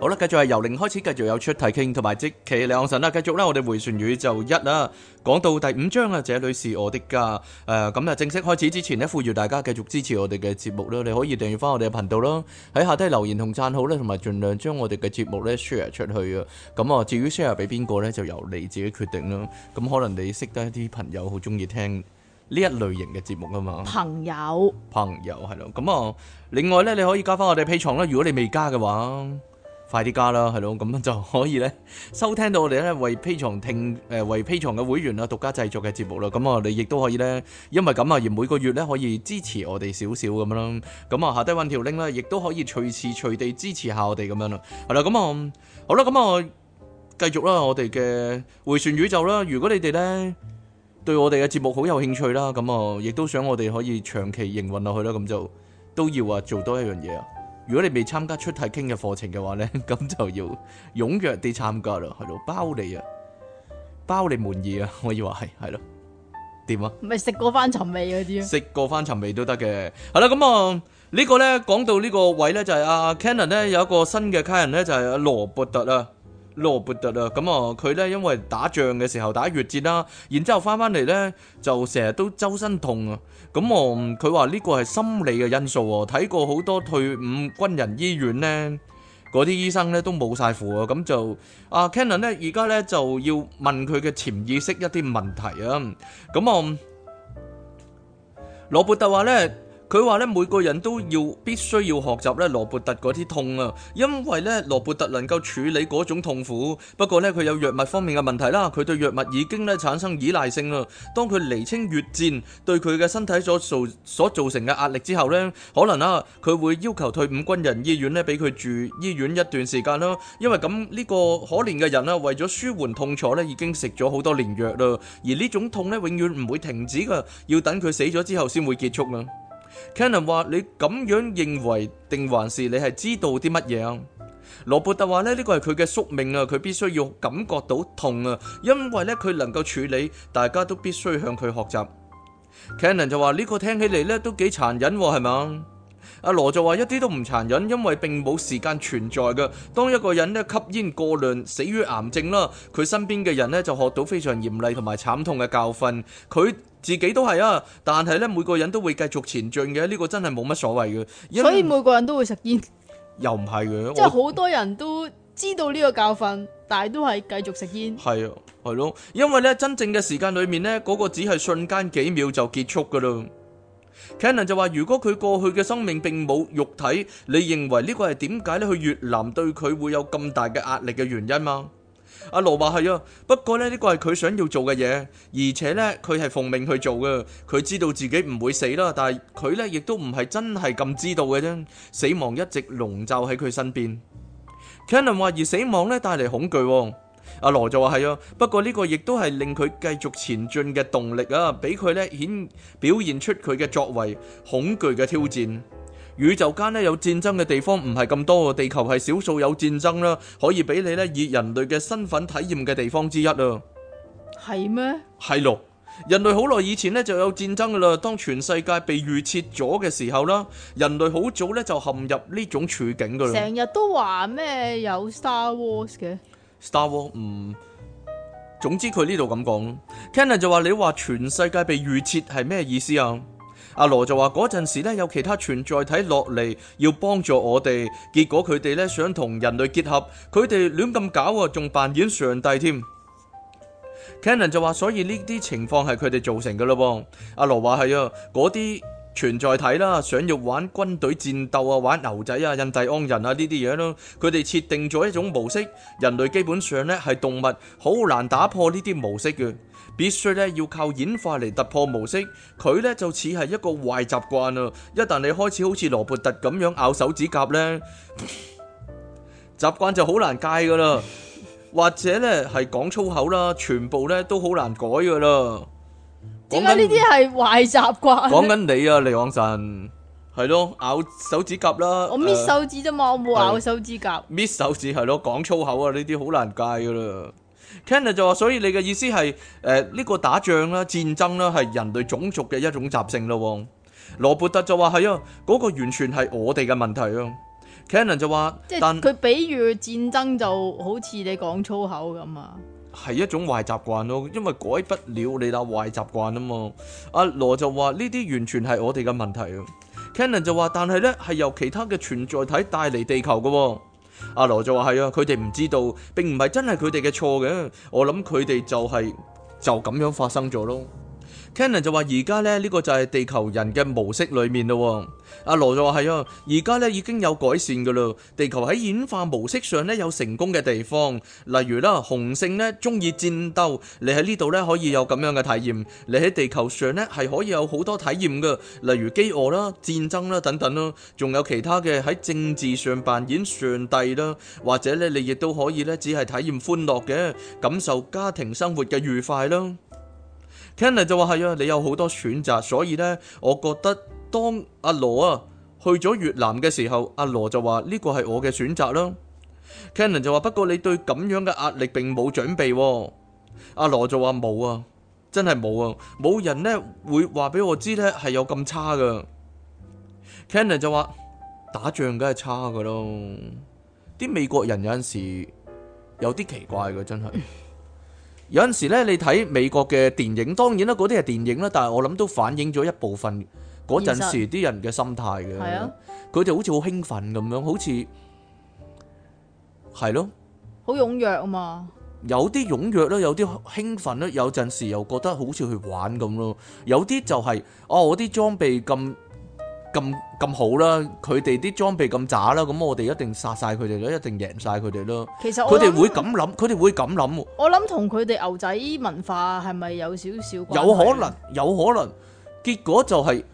[SPEAKER 2] 好啦，繼續係由零開始，繼續有出題傾同埋即企李昂臣啦。繼續咧，我哋回旋宇宙一啦，講到第五章啊，這裏是我的家。誒，咁、呃、啊，正式開始之前呢，呼籲大家繼續支持我哋嘅節目啦。你可以訂閱翻我哋嘅頻道啦，喺下低留言同讚好咧，同埋盡量將我哋嘅節目咧 share 出去啊。咁啊，至於 share 俾邊個咧，就由你自己決定啦。咁可能你識得一啲朋友好中意聽呢一類型嘅節目啊嘛，朋友，朋友係咯。咁啊，另外咧，你可以加翻我哋 Patreon 啦。如果你未加嘅話。快啲加啦，係咯，咁樣就可以咧收聽到我哋咧為 Patreon 聽誒為 Patreon 嘅會員啦，獨家製作嘅節目啦。咁啊，你亦都可以咧，因為咁啊，而每個月咧可以支持我哋少少咁樣啦。咁啊，下低揾條 link 啦，亦都可以隨時隨地支持下我哋咁樣啦。係啦，咁、嗯、啊，好啦，咁啊，繼續啦，我哋嘅迴旋宇宙啦。如果你哋咧對我哋嘅節目好有興趣啦，咁啊，亦都想我哋可以長期營運落去啦，咁就都要啊做多一樣嘢啊。如果你未參加出題傾嘅課程嘅話咧，咁就要踴躍啲參加啦，係咯，包你啊，包你滿意啊，我以為係係咯，掂啊？唔
[SPEAKER 1] 係食過翻尋味嗰啲，嗯嗯這個
[SPEAKER 2] 就是，啊，食過翻尋味都得嘅，係啦，咁啊，呢個咧講到呢個位咧，就係阿 Kenan 咧有一個新嘅客人咧，就係，是，阿羅伯特啊。羅伯特啊，咁啊，佢咧因為打仗嘅時候打越戰啦，然之後翻翻嚟咧就成日都周身痛啊，咁我佢話呢個係心理嘅因素哦，睇過好多退伍軍人醫院咧，嗰啲醫生咧都冇晒符啊，咁就阿 Cannon 咧而家咧就要問佢嘅潛意識一啲問題啊，咁我羅伯特話咧。佢話咧，每個人都要必須要學習咧羅伯特嗰啲痛啊，因為咧羅伯特能夠處理嗰種痛苦。不過咧，佢有藥物方面嘅問題啦，佢對藥物已經咧產生依賴性啦。當佢釐清越戰對佢嘅身體所造所造成嘅壓力之後咧，可能啊，佢會要求退伍軍人醫院咧俾佢住醫院一段時間啦。因為咁呢個可憐嘅人啊，為咗舒緩痛楚咧，已經食咗好多年藥啦，而呢種痛咧永遠唔會停止噶，要等佢死咗之後先會結束啊。Cannon 話：你咁樣認為定還是你係知道啲乜嘢啊？羅伯特話咧：呢個係佢嘅宿命啊，佢必須要感覺到痛啊，因為咧佢能夠處理，大家都必須向佢學習。Cannon 就話：呢個聽起嚟咧都幾殘忍喎，係咪？阿羅就話一啲都唔殘忍，因為並冇時間存在㗎。當一個人咧吸煙過量死於癌症啦，佢身邊嘅人咧就學到非常嚴厲同埋慘痛嘅教訓。佢自己都係啊，但係咧每個人都會繼續前進嘅。呢個真係冇乜所謂嘅。所以每個人都會食煙，又唔係嘅。即係是好
[SPEAKER 1] 我多人都知道呢個教訓，但係都係繼續食煙。
[SPEAKER 2] 係啊，係咯，因為咧真正嘅時間裏面咧嗰個只係瞬間幾秒就結束噶啦。Canon 就話：如果佢過去嘅生命並冇肉體，你認為呢個係點解咧？去越南對佢會有咁大嘅壓力嘅原因嗎？阿羅話係啊，不過咧呢個係佢想要做嘅嘢，而且咧佢係奉命去做嘅，佢知道自己唔會死啦。但係佢咧亦都唔係真係咁知道嘅啫，死亡一直籠罩喺佢身邊。Canon 話：而死亡咧帶嚟恐懼。阿羅就話係啊，不過呢個亦都係令佢繼續前進嘅動力啊，俾佢咧顯表現出佢嘅作為恐懼嘅挑戰。宇宙間呢有戰爭嘅地方唔係咁多，地球係少數有戰爭啦，可以俾你咧以人類嘅身份體驗嘅地方之一啊。
[SPEAKER 1] 係咩嗎？
[SPEAKER 2] 係咯，人類好耐以前咧就有戰爭噶啦。當全世界被預設咗嘅時候啦，人類好早咧就陷入呢種處境噶啦。成
[SPEAKER 1] 日都話咩有 Star Wars 嘅？
[SPEAKER 2] Star Wars，嗯，總之佢呢度咁講咯。Cannon 就話你話全世界被預設係咩意思啊？阿羅就話嗰陣時咧有其他存在體落嚟要幫助我哋，結果佢哋咧想同人類結合，佢哋亂咁搞啊，仲扮演上帝添。Cannon 就話所以呢啲情況係佢哋造成噶咯噃。阿羅話係啊，嗰啲。存在體啦，想要玩軍隊戰鬥啊，玩牛仔啊、印第安人啊、呢啲嘢咯，佢哋設定咗一種模式，人類基本上呢係動物，好難打破呢啲模式嘅，必須咧要靠演化嚟突破模式。佢呢就似係一個壞習慣啊，一旦你開始好似羅伯特咁樣咬手指甲呢，習 慣就好難戒噶啦，或者呢係講粗口啦，全部呢都好難改噶啦。點解呢啲係
[SPEAKER 1] 壞習慣？講緊
[SPEAKER 2] 你啊，李廣臣，係咯，咬手指甲啦。我搣手
[SPEAKER 1] 指啫嘛，我冇咬手指甲。
[SPEAKER 2] 搣手指係、啊、咯，講粗口啊，呢啲好難戒噶啦。Ken n 就話，所以你嘅意思係，誒、呃、呢、這個打仗啦、戰爭啦，係人類種族嘅一種習性咯、哦。羅伯特就話係啊，嗰、那個完全係我哋嘅問題啊。Ken n 就話，即係佢
[SPEAKER 1] 比喻戰爭就好似你講粗口咁啊。
[SPEAKER 2] 係一種壞習慣咯，因為改不了你嗱壞習慣啊嘛。阿羅就話，呢啲完全係我哋嘅問題。Cannon 就話，但係呢係由其他嘅存在體帶嚟地球嘅。阿羅就話係啊，佢哋唔知道，並唔係真係佢哋嘅錯嘅。我諗佢哋就係、是、就咁樣發生咗咯。Canon 就話：而家咧，呢個就係地球人嘅模式裏面咯、哦。阿、啊、羅就話：係啊，而家咧已經有改善㗎喇。地球喺演化模式上咧有成功嘅地方，例如啦，雄性咧中意戰鬥，你喺呢度咧可以有咁樣嘅體驗。你喺地球上咧係可以有好多體驗嘅，例如飢餓啦、戰爭啦等等啦，仲有其他嘅喺政治上扮演上帝啦，或者咧你亦都可以咧只係體驗歡樂嘅，感受家庭生活嘅愉快啦。Kenner 就話，係啊，你有好多選擇，所以呢，我覺得當阿羅啊去咗越南嘅時候，阿羅就話呢、呢個係我嘅選擇咯。Kenner 就話，不過你對咁樣嘅壓力並冇準備喎。阿羅就話，冇啊，真係冇啊，冇人呢會話俾我知呢係有咁差噶。Kenner 就話，打仗梗係差噶咯，啲美國人有陣時有啲奇怪嘅，真係。 有陣時咧，你睇美國嘅電影，當然啦，嗰啲係電影啦，但係我諗都反映咗一部分嗰陣時啲人嘅心態嘅。佢哋、啊、好似好興奮咁樣，好似係咯，
[SPEAKER 1] 好踴躍啊嘛。
[SPEAKER 2] 有啲踴躍啦，有啲興奮啦，有陣時又覺得好似去玩咁咯。有啲就係、是，哦，我啲裝備咁。咁咁好啦，佢哋啲裝備咁渣啦，咁我哋一定殺晒佢哋咯，一定贏晒佢哋咯。其實佢哋會咁諗，佢哋會咁諗。
[SPEAKER 1] 我諗同佢哋牛仔文化是是係咪有少少關係？有可能，
[SPEAKER 2] 有可能。結果就係、是、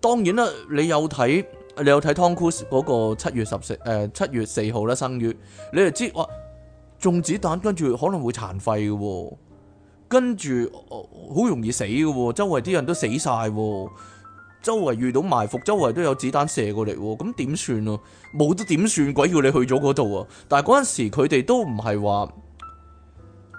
[SPEAKER 2] 當然啦。你有睇，你有睇湯告魯斯嗰個七月十四、呃，誒七月四號啦，生月，你就知哇，中子彈跟住可能會殘廢嘅喎，跟住好、呃、容易死嘅喎，周圍啲人都死晒喎。周圍遇到埋伏，周圍都有子彈射過嚟、哦，咁點算咯？冇得點算？鬼要你去咗嗰度啊！但係嗰陣時佢哋都唔係話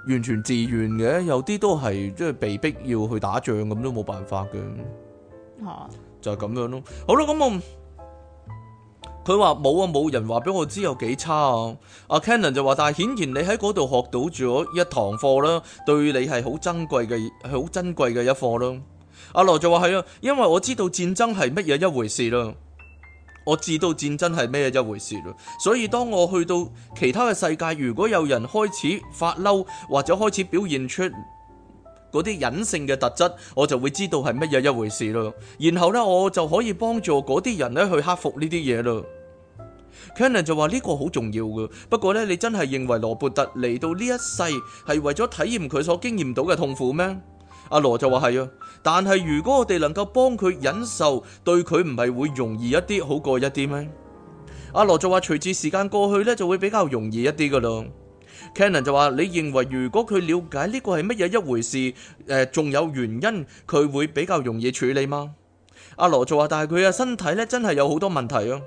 [SPEAKER 2] 完全自願嘅，有啲都係即係被逼要去打仗咁，都冇辦法嘅。
[SPEAKER 1] 吓、啊，
[SPEAKER 2] 就係咁樣咯。好啦，咁、嗯、啊，佢話冇啊，冇人話俾我知有幾差啊。阿、啊、Kenon 就話，但係顯然你喺嗰度學到咗一堂課啦，對你係好珍貴嘅，係好珍貴嘅一課咯。阿羅就話係啊，因為我知道戰爭係乜嘢一回事咯，我知道戰爭係咩一回事咯，所以當我去到其他嘅世界，如果有人開始發嬲或者開始表現出嗰啲隱性嘅特質，我就會知道係乜嘢一回事咯，然後呢，我就可以幫助嗰啲人呢去克服呢啲嘢咯。Cannon 就話呢個好重要㗎，不過呢，你真係認為羅伯特嚟到呢一世係為咗體驗佢所經驗到嘅痛苦咩？阿羅就話係啊。但係如果我哋能夠幫佢忍受，對佢唔係會容易一啲，一好過一啲咩？阿羅就話：隨住時間過去呢，就會比較容易一啲噶咯。Cannon 就話：你認為如果佢了解呢個係乜嘢一回事，呃、仲有原因，佢會比較容易處理嗎？阿羅就話：但係佢嘅身體呢，真係有好多問題啊。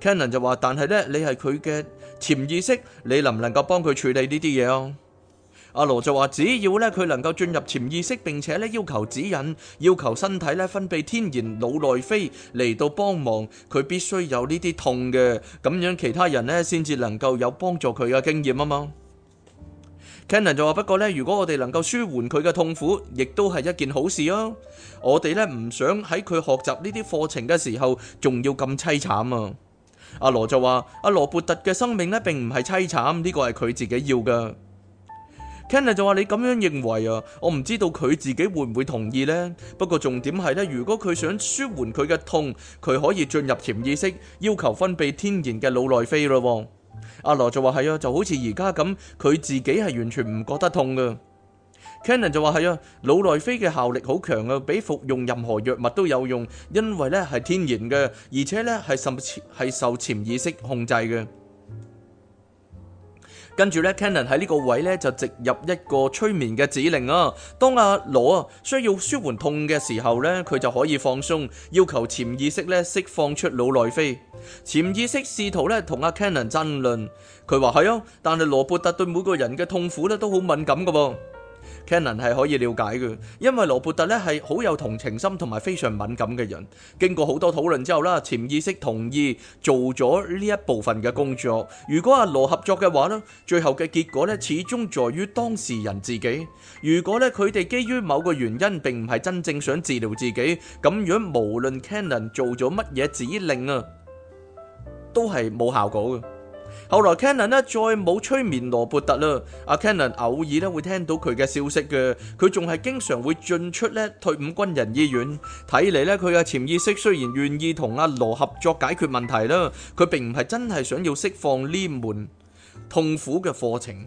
[SPEAKER 2] Cannon 就話：但係呢，你係佢嘅潛意識，你能唔能夠幫佢處理呢啲嘢啊？阿羅就話，只要咧佢能夠進入潛意識，並且咧要求指引，要求身體咧分泌天然腦內啡嚟到幫忙，佢必須有呢啲痛嘅，咁樣其他人咧先至能夠有幫助佢嘅經驗啊嘛。Cannon 就話，不過咧，如果我哋能夠舒緩佢嘅痛苦，亦都係一件好事啊、哦。我哋咧唔想喺佢學習呢啲課程嘅時候，仲要咁淒慘啊。阿羅就話，阿羅伯特嘅生命咧，並唔係淒慘，呢個係佢自己要嘅。Ken n 就話，你咁樣認為啊，我唔知道佢自己會唔會同意呢。不過重點係咧，如果佢想舒緩佢嘅痛，佢可以進入潛意識，要求分泌天然嘅腦內啡咯、哦。阿羅就話，係啊，就好似而家咁，佢自己係完全唔覺得痛噶。Ken n 就話，係啊，腦內啡嘅效力好強啊，比服用任何藥物都有用，因為咧係天然嘅，而且咧係甚係受潛意識控制嘅。跟住咧，Cannon 喺呢個位咧就植入一個催眠嘅指令啊。當阿羅啊羅需要舒緩痛嘅時候咧，佢就可以放鬆，要求潛意識咧釋放出腦內啡。潛意識試圖咧同阿 Cannon 爭論，佢話係啊，但係羅伯特對每個人嘅痛苦咧都好敏感㗎喎。Canon 係可以瞭解嘅，因為羅伯特咧係好有同情心同埋非常敏感嘅人。經過好多討論之後啦，潛意識同意做咗呢一部分嘅工作。如果阿羅合作嘅話咧，最後嘅結果咧始終在於當事人自己。如果咧佢哋基於某個原因並唔係真正想治療自己，咁樣無論 Canon 做咗乜嘢指令啊，都係冇效果嘅。後來 Cannon 咧再冇催眠羅伯特啦，阿 Cannon 偶爾咧會聽到佢嘅消息嘅，佢仲係經常會進出咧退伍軍人醫院，睇嚟咧佢嘅潛意識雖然願意同阿羅合作解決問題啦，佢並唔係真係想要釋放呢門痛苦嘅課程。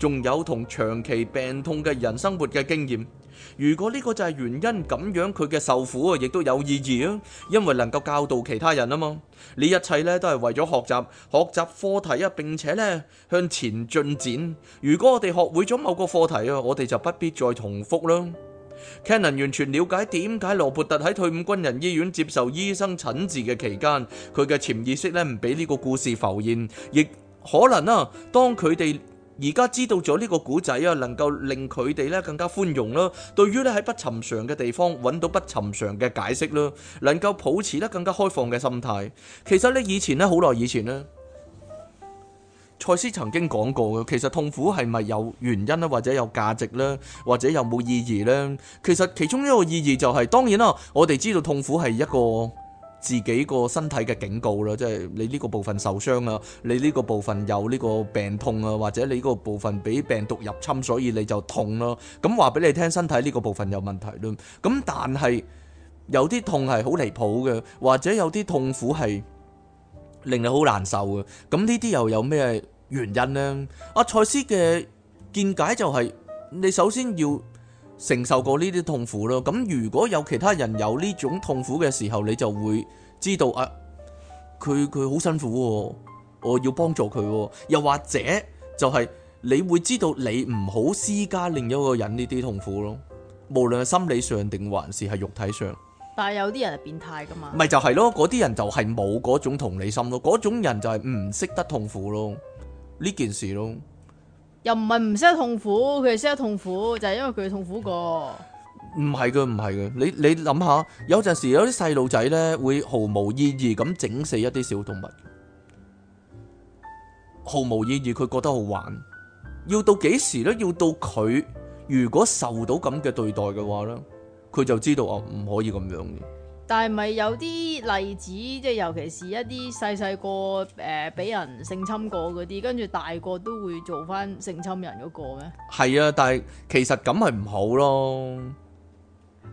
[SPEAKER 2] 仲有同長期病痛嘅人生活嘅經驗。如果呢個就係原因，咁樣佢嘅受苦啊，亦都有意義啊，因為能夠教導其他人啊嘛。呢一切咧都係為咗學習，學習課題啊，並且咧向前進展。如果我哋學會咗某個課題啊，我哋就不必再重複囉。Cannon 完全瞭解點解羅拔特喺退伍軍人醫院接受醫生診治嘅期間，佢嘅潛意識咧唔俾呢個故事浮現，亦可能啊，當佢哋。而家知道咗呢個古仔啊，能夠令佢哋咧更加寬容啦，對於咧喺不尋常嘅地方揾到不尋常嘅解釋啦，能夠保持得更加開放嘅心態。其實咧以前咧好耐以前呢，賽斯曾經講過嘅，其實痛苦係咪有原因咧，或者有價值呢，或者有冇意義呢？其實其中一個意義就係、是，當然啦，我哋知道痛苦係一個。自己個身體嘅警告啦，即係你呢個部分受傷啊，你呢個部分有呢個病痛啊，或者你呢個部分俾病毒入侵，所以你就痛咯。咁話俾你聽，身體呢個部分有問題咯。咁但係有啲痛係好離譜嘅，或者有啲痛苦係令你好難受嘅。咁呢啲又有咩原因呢？阿蔡斯嘅見解就係你首先要。承受過呢啲痛苦咯，咁如果有其他人有呢種痛苦嘅時候，你就會知道啊，佢佢好辛苦喎，我要幫助佢喎。又或者就係你會知道你唔好施加另一個人呢啲痛苦咯，無論係心理上定還是係肉體上。
[SPEAKER 1] 但係有啲人係變態㗎嘛，咪
[SPEAKER 2] 就係咯，嗰啲人就係冇嗰種同理心咯，嗰種人就係唔識得痛苦咯，呢件事咯。
[SPEAKER 1] 又唔係唔識得痛苦，佢係識得痛苦，就係因為佢痛苦過。
[SPEAKER 2] 唔係嘅，唔係嘅。你你諗下，有陣時有啲細路仔咧會毫無意義咁整死一啲小動物，毫無意義，佢覺得好玩。要到幾時咧？要到佢如果受到咁嘅對待嘅話咧，佢就知道啊，唔可以咁樣嘅。
[SPEAKER 1] 但係咪有啲例子，即係尤其是一啲細細個誒俾人性侵過嗰啲，跟住大個都會做翻性侵人嗰個咩？
[SPEAKER 2] 係啊，但係其實咁係唔好咯。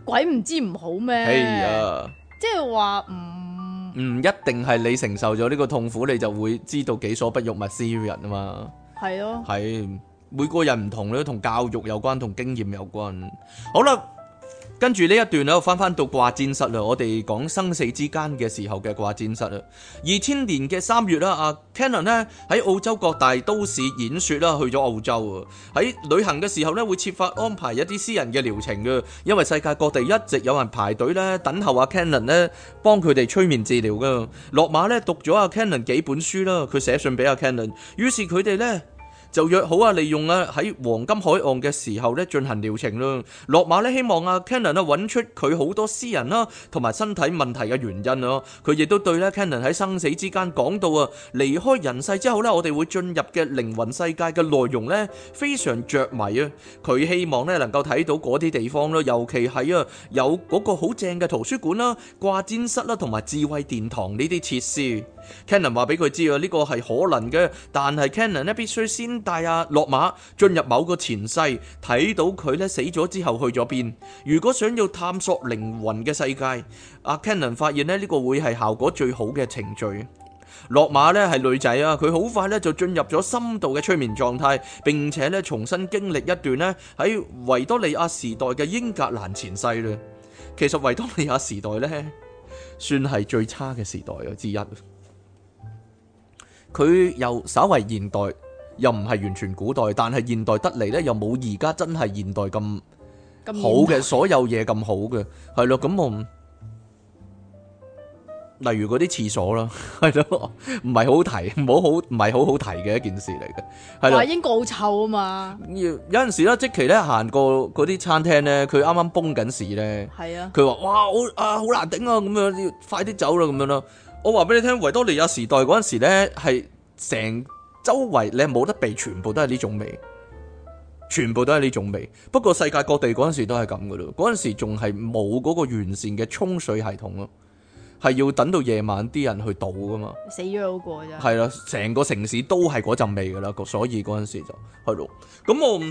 [SPEAKER 1] 鬼唔知唔好咩？係、hey、啊，即係話唔
[SPEAKER 2] 唔一定係你承受咗呢個痛苦，你就會知道己所不欲勿施於人啊嘛。
[SPEAKER 1] 係咯、啊，係
[SPEAKER 2] 每個人唔同咯，同教育有關，同經驗有關。好啦。跟住呢一段咧，我翻翻到掛戰室啦。我哋講生死之間嘅時候嘅掛戰室啦。二千年嘅三月啦，阿 Cannon 呢喺澳洲各大都市演說啦，去咗澳洲啊。喺旅行嘅時候咧，會設法安排一啲私人嘅療程㗎，因為世界各地一直有人排隊咧等候阿 Cannon 咧幫佢哋催眠治療噶。落馬咧讀咗阿 Cannon 幾本書啦，佢寫信俾阿 Cannon，於是佢哋咧。就約好啊，利用啊喺黃金海岸嘅時候咧進行療程咯。落馬咧希望阿 Cannon 咧揾出佢好多私人啦同埋身體問題嘅原因咯。佢亦都對咧 Cannon 喺生死之間講到啊，離開人世之後咧，我哋會進入嘅靈魂世界嘅內容咧，非常着迷啊。佢希望咧能夠睇到嗰啲地方咯，尤其係啊有嗰個好正嘅圖書館啦、掛箭室啦同埋智慧殿堂呢啲設施。Cannon 話俾佢知啊，呢個係可能嘅，但係 Cannon 咧必須先帶阿、啊、落馬進入某個前世，睇到佢咧死咗之後去咗邊。如果想要探索靈魂嘅世界，阿、啊、Cannon 發現咧呢、這個會係效果最好嘅程序。落馬咧係女仔啊，佢好快咧就進入咗深度嘅催眠狀態，並且咧重新經歷一段咧喺維多利亞時代嘅英格蘭前世啦。其實維多利亞時代咧算係最差嘅時代之一。佢又稍為現代，又唔係完全古代，但係現代得嚟咧，又冇而家真係現代咁好嘅所有嘢咁好嘅，係咯。咁我例如嗰啲廁所啦，係咯，唔係好提，冇好，唔係好好提嘅一件事嚟嘅。係咯，英
[SPEAKER 1] 國好臭啊嘛！
[SPEAKER 2] 有陣時咧，即其咧行過嗰啲餐廳咧，佢啱啱崩緊屎咧，係啊，佢話：哇，我啊好難頂啊！咁樣要快啲走啦，咁樣咯。我話俾你聽，維多利亞時代嗰陣時咧，係成周圍你冇得避，全部都係呢種味，全部都係呢種味。不過世界各地嗰陣時都係咁噶啦，嗰陣時仲係冇嗰個完善嘅沖水系統咯，係要等到夜晚啲人去倒噶嘛。
[SPEAKER 1] 死咗好過咋？係
[SPEAKER 2] 啦，成個城市都係嗰陣味噶啦，所以嗰陣時就係咯。咁我。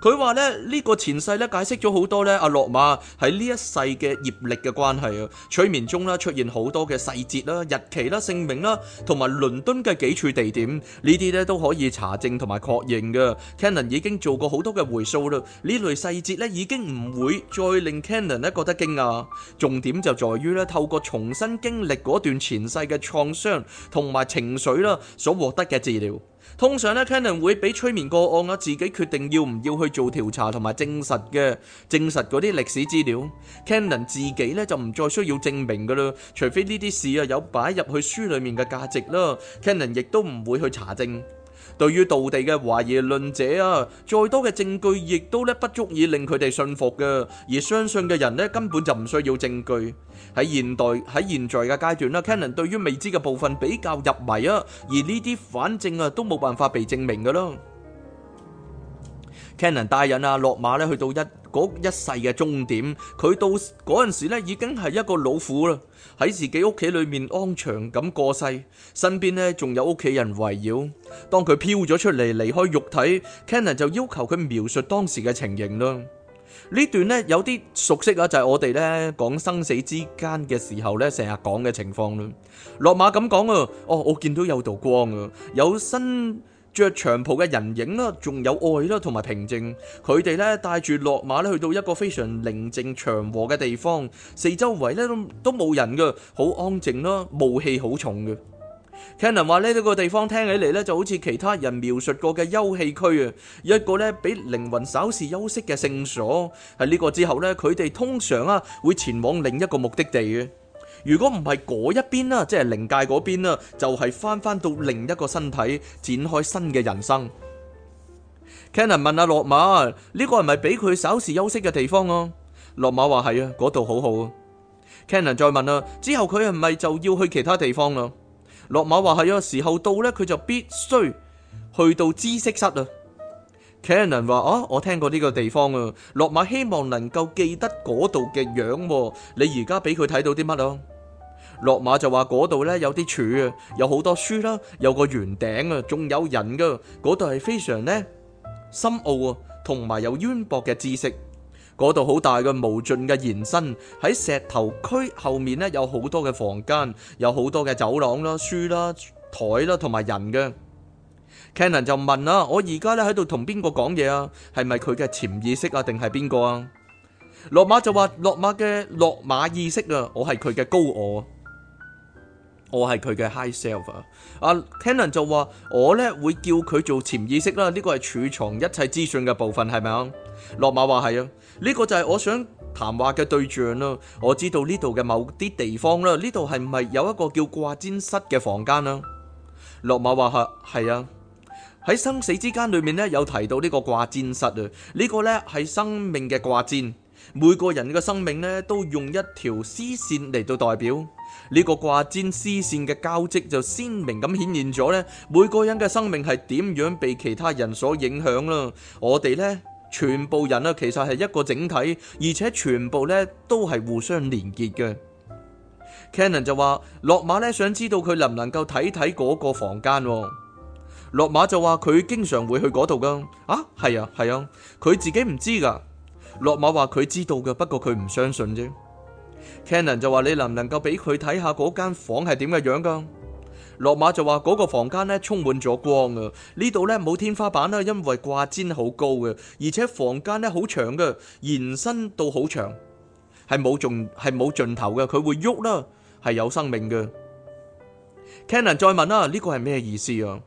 [SPEAKER 2] 佢話咧，呢個前世咧解釋咗好多咧，阿洛馬喺呢一世嘅業力嘅關係啊，催眠中啦出現好多嘅細節啦、日期啦、姓名啦，同埋倫敦嘅幾處地點，呢啲咧都可以查證同埋確認嘅。Cannon 已經做過好多嘅回溯啦，呢類細節咧已經唔會再令 Cannon 咧覺得驚訝。重點就在於咧，透過重新經歷嗰段前世嘅創傷同埋情緒啦，所獲得嘅治療。通常呢 Cannon 會俾催眠個案啊，自己決定要唔要去做調查同埋證實嘅，證實嗰啲歷史資料。Cannon 自己咧就唔再需要證明噶啦，除非呢啲事啊有擺入去書裡面嘅價值啦。Cannon 亦都唔會去查證。對於道地嘅懷疑論者啊，再多嘅證據亦都咧不足以令佢哋信服㗎。而相信嘅人咧，根本就唔需要證據。喺現代，喺現在嘅階段咧，Canon 對於未知嘅部分比較入迷啊。而呢啲反正啊都冇辦法被證明㗎咯。Cannon 帶引啊落馬咧，去到一嗰一世嘅終點。佢到嗰陣時咧，已經係一個老婦啦，喺自己屋企裏面安詳咁過世，身邊咧仲有屋企人圍繞。當佢飄咗出嚟，離開肉體，Cannon 就要求佢描述當時嘅情形咯。呢段咧有啲熟悉啊，就係我哋咧講生死之間嘅時候咧，成日講嘅情況咯。落馬咁講啊，哦，我見到有道光啊，有身，着長袍嘅人影啦，仲有愛啦，同埋平靜。佢哋咧帶住落馬咧，去到一個非常寧靜祥和嘅地方，四周圍咧都都冇人嘅，好安靜咯，霧氣好重嘅。Cannon 話咧，呢個地方聽起嚟咧，就好似其他人描述過嘅休憩區啊，一個咧俾靈魂稍事休息嘅聖所。喺呢個之後咧，佢哋通常啊會前往另一個目的地嘅。如果唔係嗰一邊啦，即係靈界嗰邊啦，就係返返到另一個身體，展開新嘅人生。Cannon 問阿、啊、洛馬：呢、這個係咪俾佢稍時休息嘅地方啊？洛馬話：係啊，嗰度好好啊。Cannon 再問啦、啊：之後佢係咪就要去其他地方啦、啊？洛馬話：係啊，時候到咧，佢就必須去到知識室啊。Cannon 話：啊，我聽過呢個地方啊，落馬希望能夠記得嗰度嘅樣。你而家俾佢睇到啲乜咯？落馬就話：嗰度呢，有啲柱啊，有好多書啦，有個圓頂啊，仲有人噶。嗰度係非常呢深奧啊，同埋有淵博嘅知識。嗰度好大嘅無盡嘅延伸喺石頭區後面呢，有好多嘅房間，有好多嘅走廊啦、書啦、台啦同埋人嘅。Cannon 就問啦、啊：我而家咧喺度同邊個講嘢啊？係咪佢嘅潛意識啊？定係邊個啊？落馬就話：落馬嘅落馬意識啊！我係佢嘅高我，我係佢嘅 high self 啊。啊、uh,，Cannon 就話：我咧會叫佢做潛意識啦、啊。呢個係儲藏一切資訊嘅部分，係咪啊？落馬話係啊。呢、這個就係我想談話嘅對象啦、啊。我知道呢度嘅某啲地方啦、啊。呢度係唔係有一個叫掛纖室嘅房間啊？落馬話係係啊。喺生死之間裏面咧，有提到呢個掛毯室啊，呢、這個呢係生命嘅掛毯，每個人嘅生命呢都用一條絲線嚟到代表呢、這個掛毯絲線嘅交織，就鮮明咁顯現咗呢每個人嘅生命係點樣被其他人所影響啦。我哋呢，全部人啊，其實係一個整體，而且全部呢都係互相連結嘅。Cannon 就話，落馬呢想知道佢能唔能夠睇睇嗰個房間。落馬就話佢經常會去嗰度噶。啊，係啊，係啊，佢自己唔知噶。落馬話佢知道噶，不過佢唔相信啫。Cannon 就話，你能唔能夠俾佢睇下嗰間房係點嘅樣噶？落馬就話嗰個房間咧充滿咗光啊，呢度咧冇天花板啦，因為掛墊好高嘅，而且房間咧好長嘅，延伸到好長，係冇盡，係冇盡頭嘅，佢會喐啦，係有生命嘅。Cannon 再問啦，呢個係咩意思啊？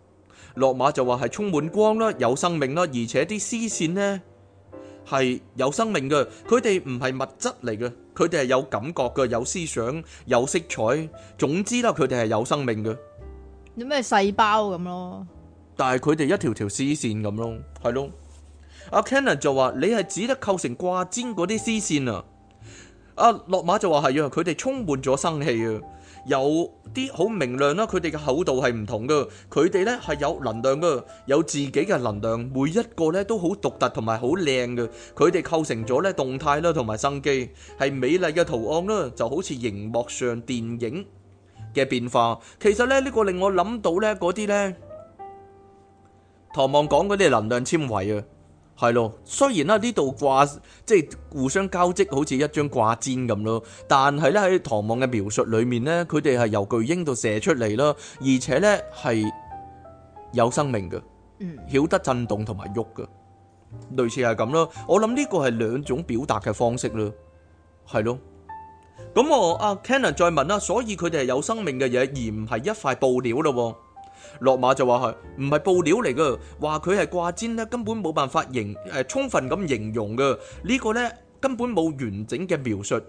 [SPEAKER 2] 落馬就話係充滿光啦，有生命啦，而且啲絲線呢，係有生命嘅，佢哋唔係物質嚟嘅，佢哋係有感覺嘅，有思想，有色彩，總之啦，佢哋係有生命嘅。
[SPEAKER 1] 有咩細胞咁咯？
[SPEAKER 2] 但係佢哋一條條絲線咁咯，係咯。阿、啊、Ken 就話你係只得構成掛針嗰啲絲線啊。阿落馬就話係啊，佢哋充滿咗生氣啊。有啲好明亮啦，佢哋嘅厚度係唔同㗎，佢哋咧係有能量㗎，有自己嘅能量，每一個咧都好獨特同埋好靚嘅，佢哋構成咗咧動態啦同埋生機，係美麗嘅圖案啦，就好似熒幕上電影嘅變化。其實咧呢個令我諗到咧嗰啲咧，唐望講嗰啲能量纖維啊。係咯，雖然咧呢度掛即係互相交織，好似一張掛氈咁咯。但係咧喺唐望嘅描述裡面咧，佢哋係由巨鷹度射出嚟啦，而且咧係有生命嘅，曉得震動同埋喐嘅，類似係咁咯。我諗呢個係兩種表達嘅方式咯，係咯。咁我阿 Cannon 再問啦，所以佢哋係有生命嘅嘢，而唔係一塊布料咯喎。落馬就話係唔係布料嚟嘅，話佢係掛簾咧、呃這個，根本冇辦法形、呃充分咁形容嘅，呢個咧根本冇完整嘅描述。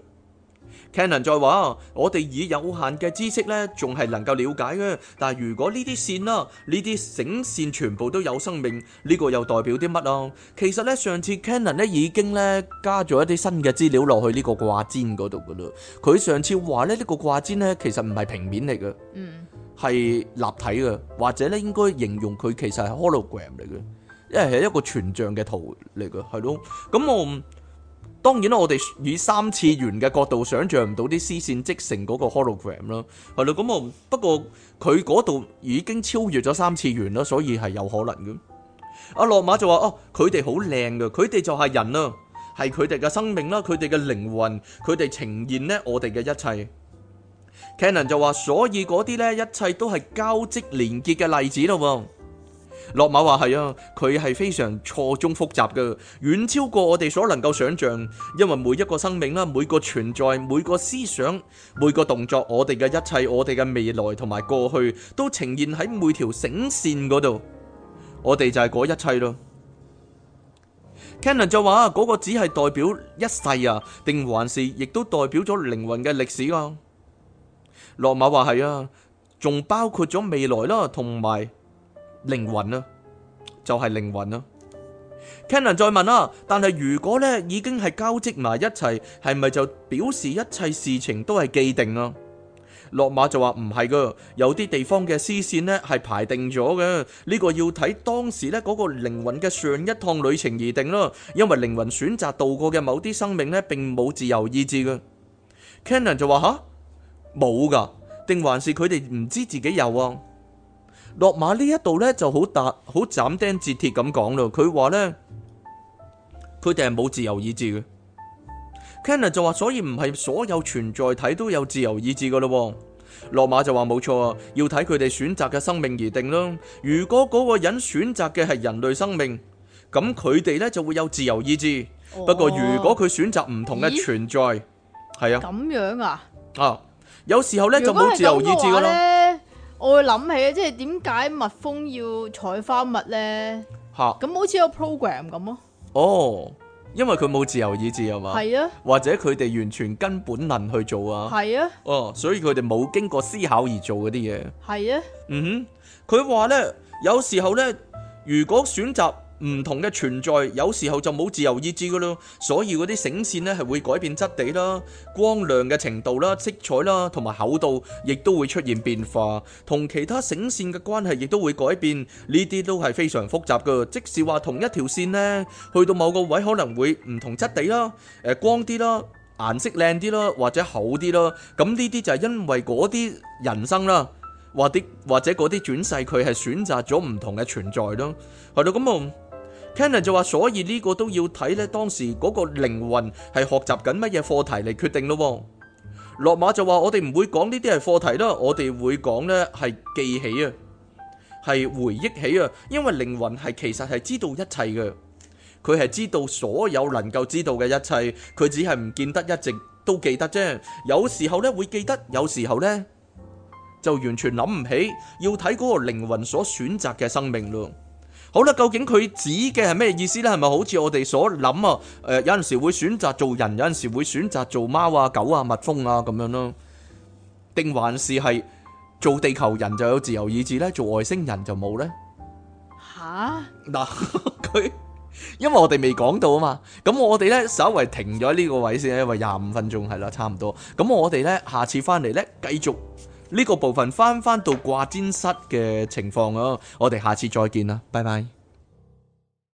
[SPEAKER 2] Cannon 再話：我哋以有限嘅知識咧，仲係能夠了解嘅。但係如果呢啲線啦、啊，呢啲繩線全部都有生命，呢、這個又代表啲乜啊？其實咧，上次 Cannon 咧已經咧加咗一啲新嘅資料落去呢個掛簾嗰度嘅啦。佢上次話咧，呢、這個掛簾咧其實唔係平面嚟嘅。嗯。係立體嘅，或者咧應該形容佢其實係 hologram 嚟嘅，因為係一個全像嘅圖嚟嘅，係咯。咁、嗯、我當然啦，我哋以三次元嘅角度想象唔到啲絲線即成嗰個 hologram 啦，係、嗯、咯。咁我不過佢嗰度已經超越咗三次元啦，所以係有可能嘅。阿洛馬就話哦，佢哋好靚嘅，佢哋就係人啦，係佢哋嘅生命啦，佢哋嘅靈魂，佢哋呈現呢我哋嘅一切。Canon 就話，所以嗰啲呢，一切都係交織連結嘅例子咯。洛馬話係啊，佢係非常錯綜複雜嘅，遠超過我哋所能夠想象。因為每一個生命啦，每個存在，每個思想，每個動作，我哋嘅一切，我哋嘅未來同埋過去，都呈現喺每條繩線嗰度。我哋就係嗰一切咯。Canon 就話，嗰個只係代表一世啊，定還是亦都代表咗靈魂嘅歷史啊？落馬話係啊，仲包括咗未來啦，同埋靈魂啊，就係、是、靈魂啊。Cannon 再問啊，但係如果咧已經係交織埋一齊，係咪就表示一切事情都係既定啊？落馬就話唔係噶，有啲地方嘅絲線呢係排定咗嘅，呢、這個要睇當時呢嗰個靈魂嘅上一趟旅程而定啦，因為靈魂選擇度過嘅某啲生命呢，並冇自由意志嘅。Cannon 就話吓！冇噶，定還是佢哋唔知自己有啊？落馬呢一度呢就好達好斬釘截鐵咁講咯，佢話呢，佢哋係冇自由意志嘅。Kenna 就話，所以唔係所有存在體都有自由意志噶咯。落馬就話冇錯啊，要睇佢哋選擇嘅生命而定咯。如果嗰個人選擇嘅係人類生命，咁佢哋呢就會有自由意志。哦、不過如果佢選擇唔同嘅存在，係咦啊，咁樣啊，啊。有時候咧就冇自由意志噶咯。我
[SPEAKER 1] 會諗起，即係點解蜜蜂要採花蜜咧？吓哈，咁好似有 program 咁咯。
[SPEAKER 2] 哦，因為佢冇自由意志係嘛？係啊。或者佢哋完全根本能去做啊？係啊。哦，所以佢哋冇經過思考而做嗰啲嘢。係啊。嗯哼。佢話咧，有時候咧，如果選擇。唔同嘅存在，有時候就冇自由意志㗎咯，所以嗰啲繩線呢係會改變質地啦、光亮嘅程度啦、色彩啦同埋厚度，亦都會出現變化，同其他繩線嘅關係亦都會改變。呢啲都係非常複雜㗎，即使話同一條線呢，去到某個位可能會唔同質地啦、誒光啲啦、顏色靚啲啦或者厚啲啦，咁呢啲就係因為嗰啲人生啦，或啲或者嗰啲轉世佢係選擇咗唔同嘅存在咯，係咯，咁啊～k e n n e n 就話：所以呢個都要睇呢，當時嗰個靈魂係學習緊乜嘢課題嚟決定咯。落馬就話：我哋唔會講呢啲係課題啦，我哋會講呢係記起啊，係回憶起啊，因為靈魂係其實係知道一切嘅，佢係知道所有能夠知道嘅一切，佢只係唔見得一直都記得啫，有時候呢會記得，有時候呢就完全諗唔起，要睇嗰個靈魂所選擇嘅生命咯。好啦，究竟佢指嘅係咩意思咧？係咪好似我哋所諗啊？誒，有陣時會選擇做人，有陣時會選擇做貓啊、狗啊、蜜蜂啊咁樣咯，定還是係做地球人就有自由意志咧？做外星人就冇咧？
[SPEAKER 1] 吓
[SPEAKER 2] 嗱佢，因為我哋未講到啊嘛，咁我哋咧稍微停咗呢個位先，因為廿五分鐘係啦，差唔多。咁我哋咧下次翻嚟咧繼續。呢個部分翻翻到掛針室嘅情況囉，我哋下次再見啦，拜拜。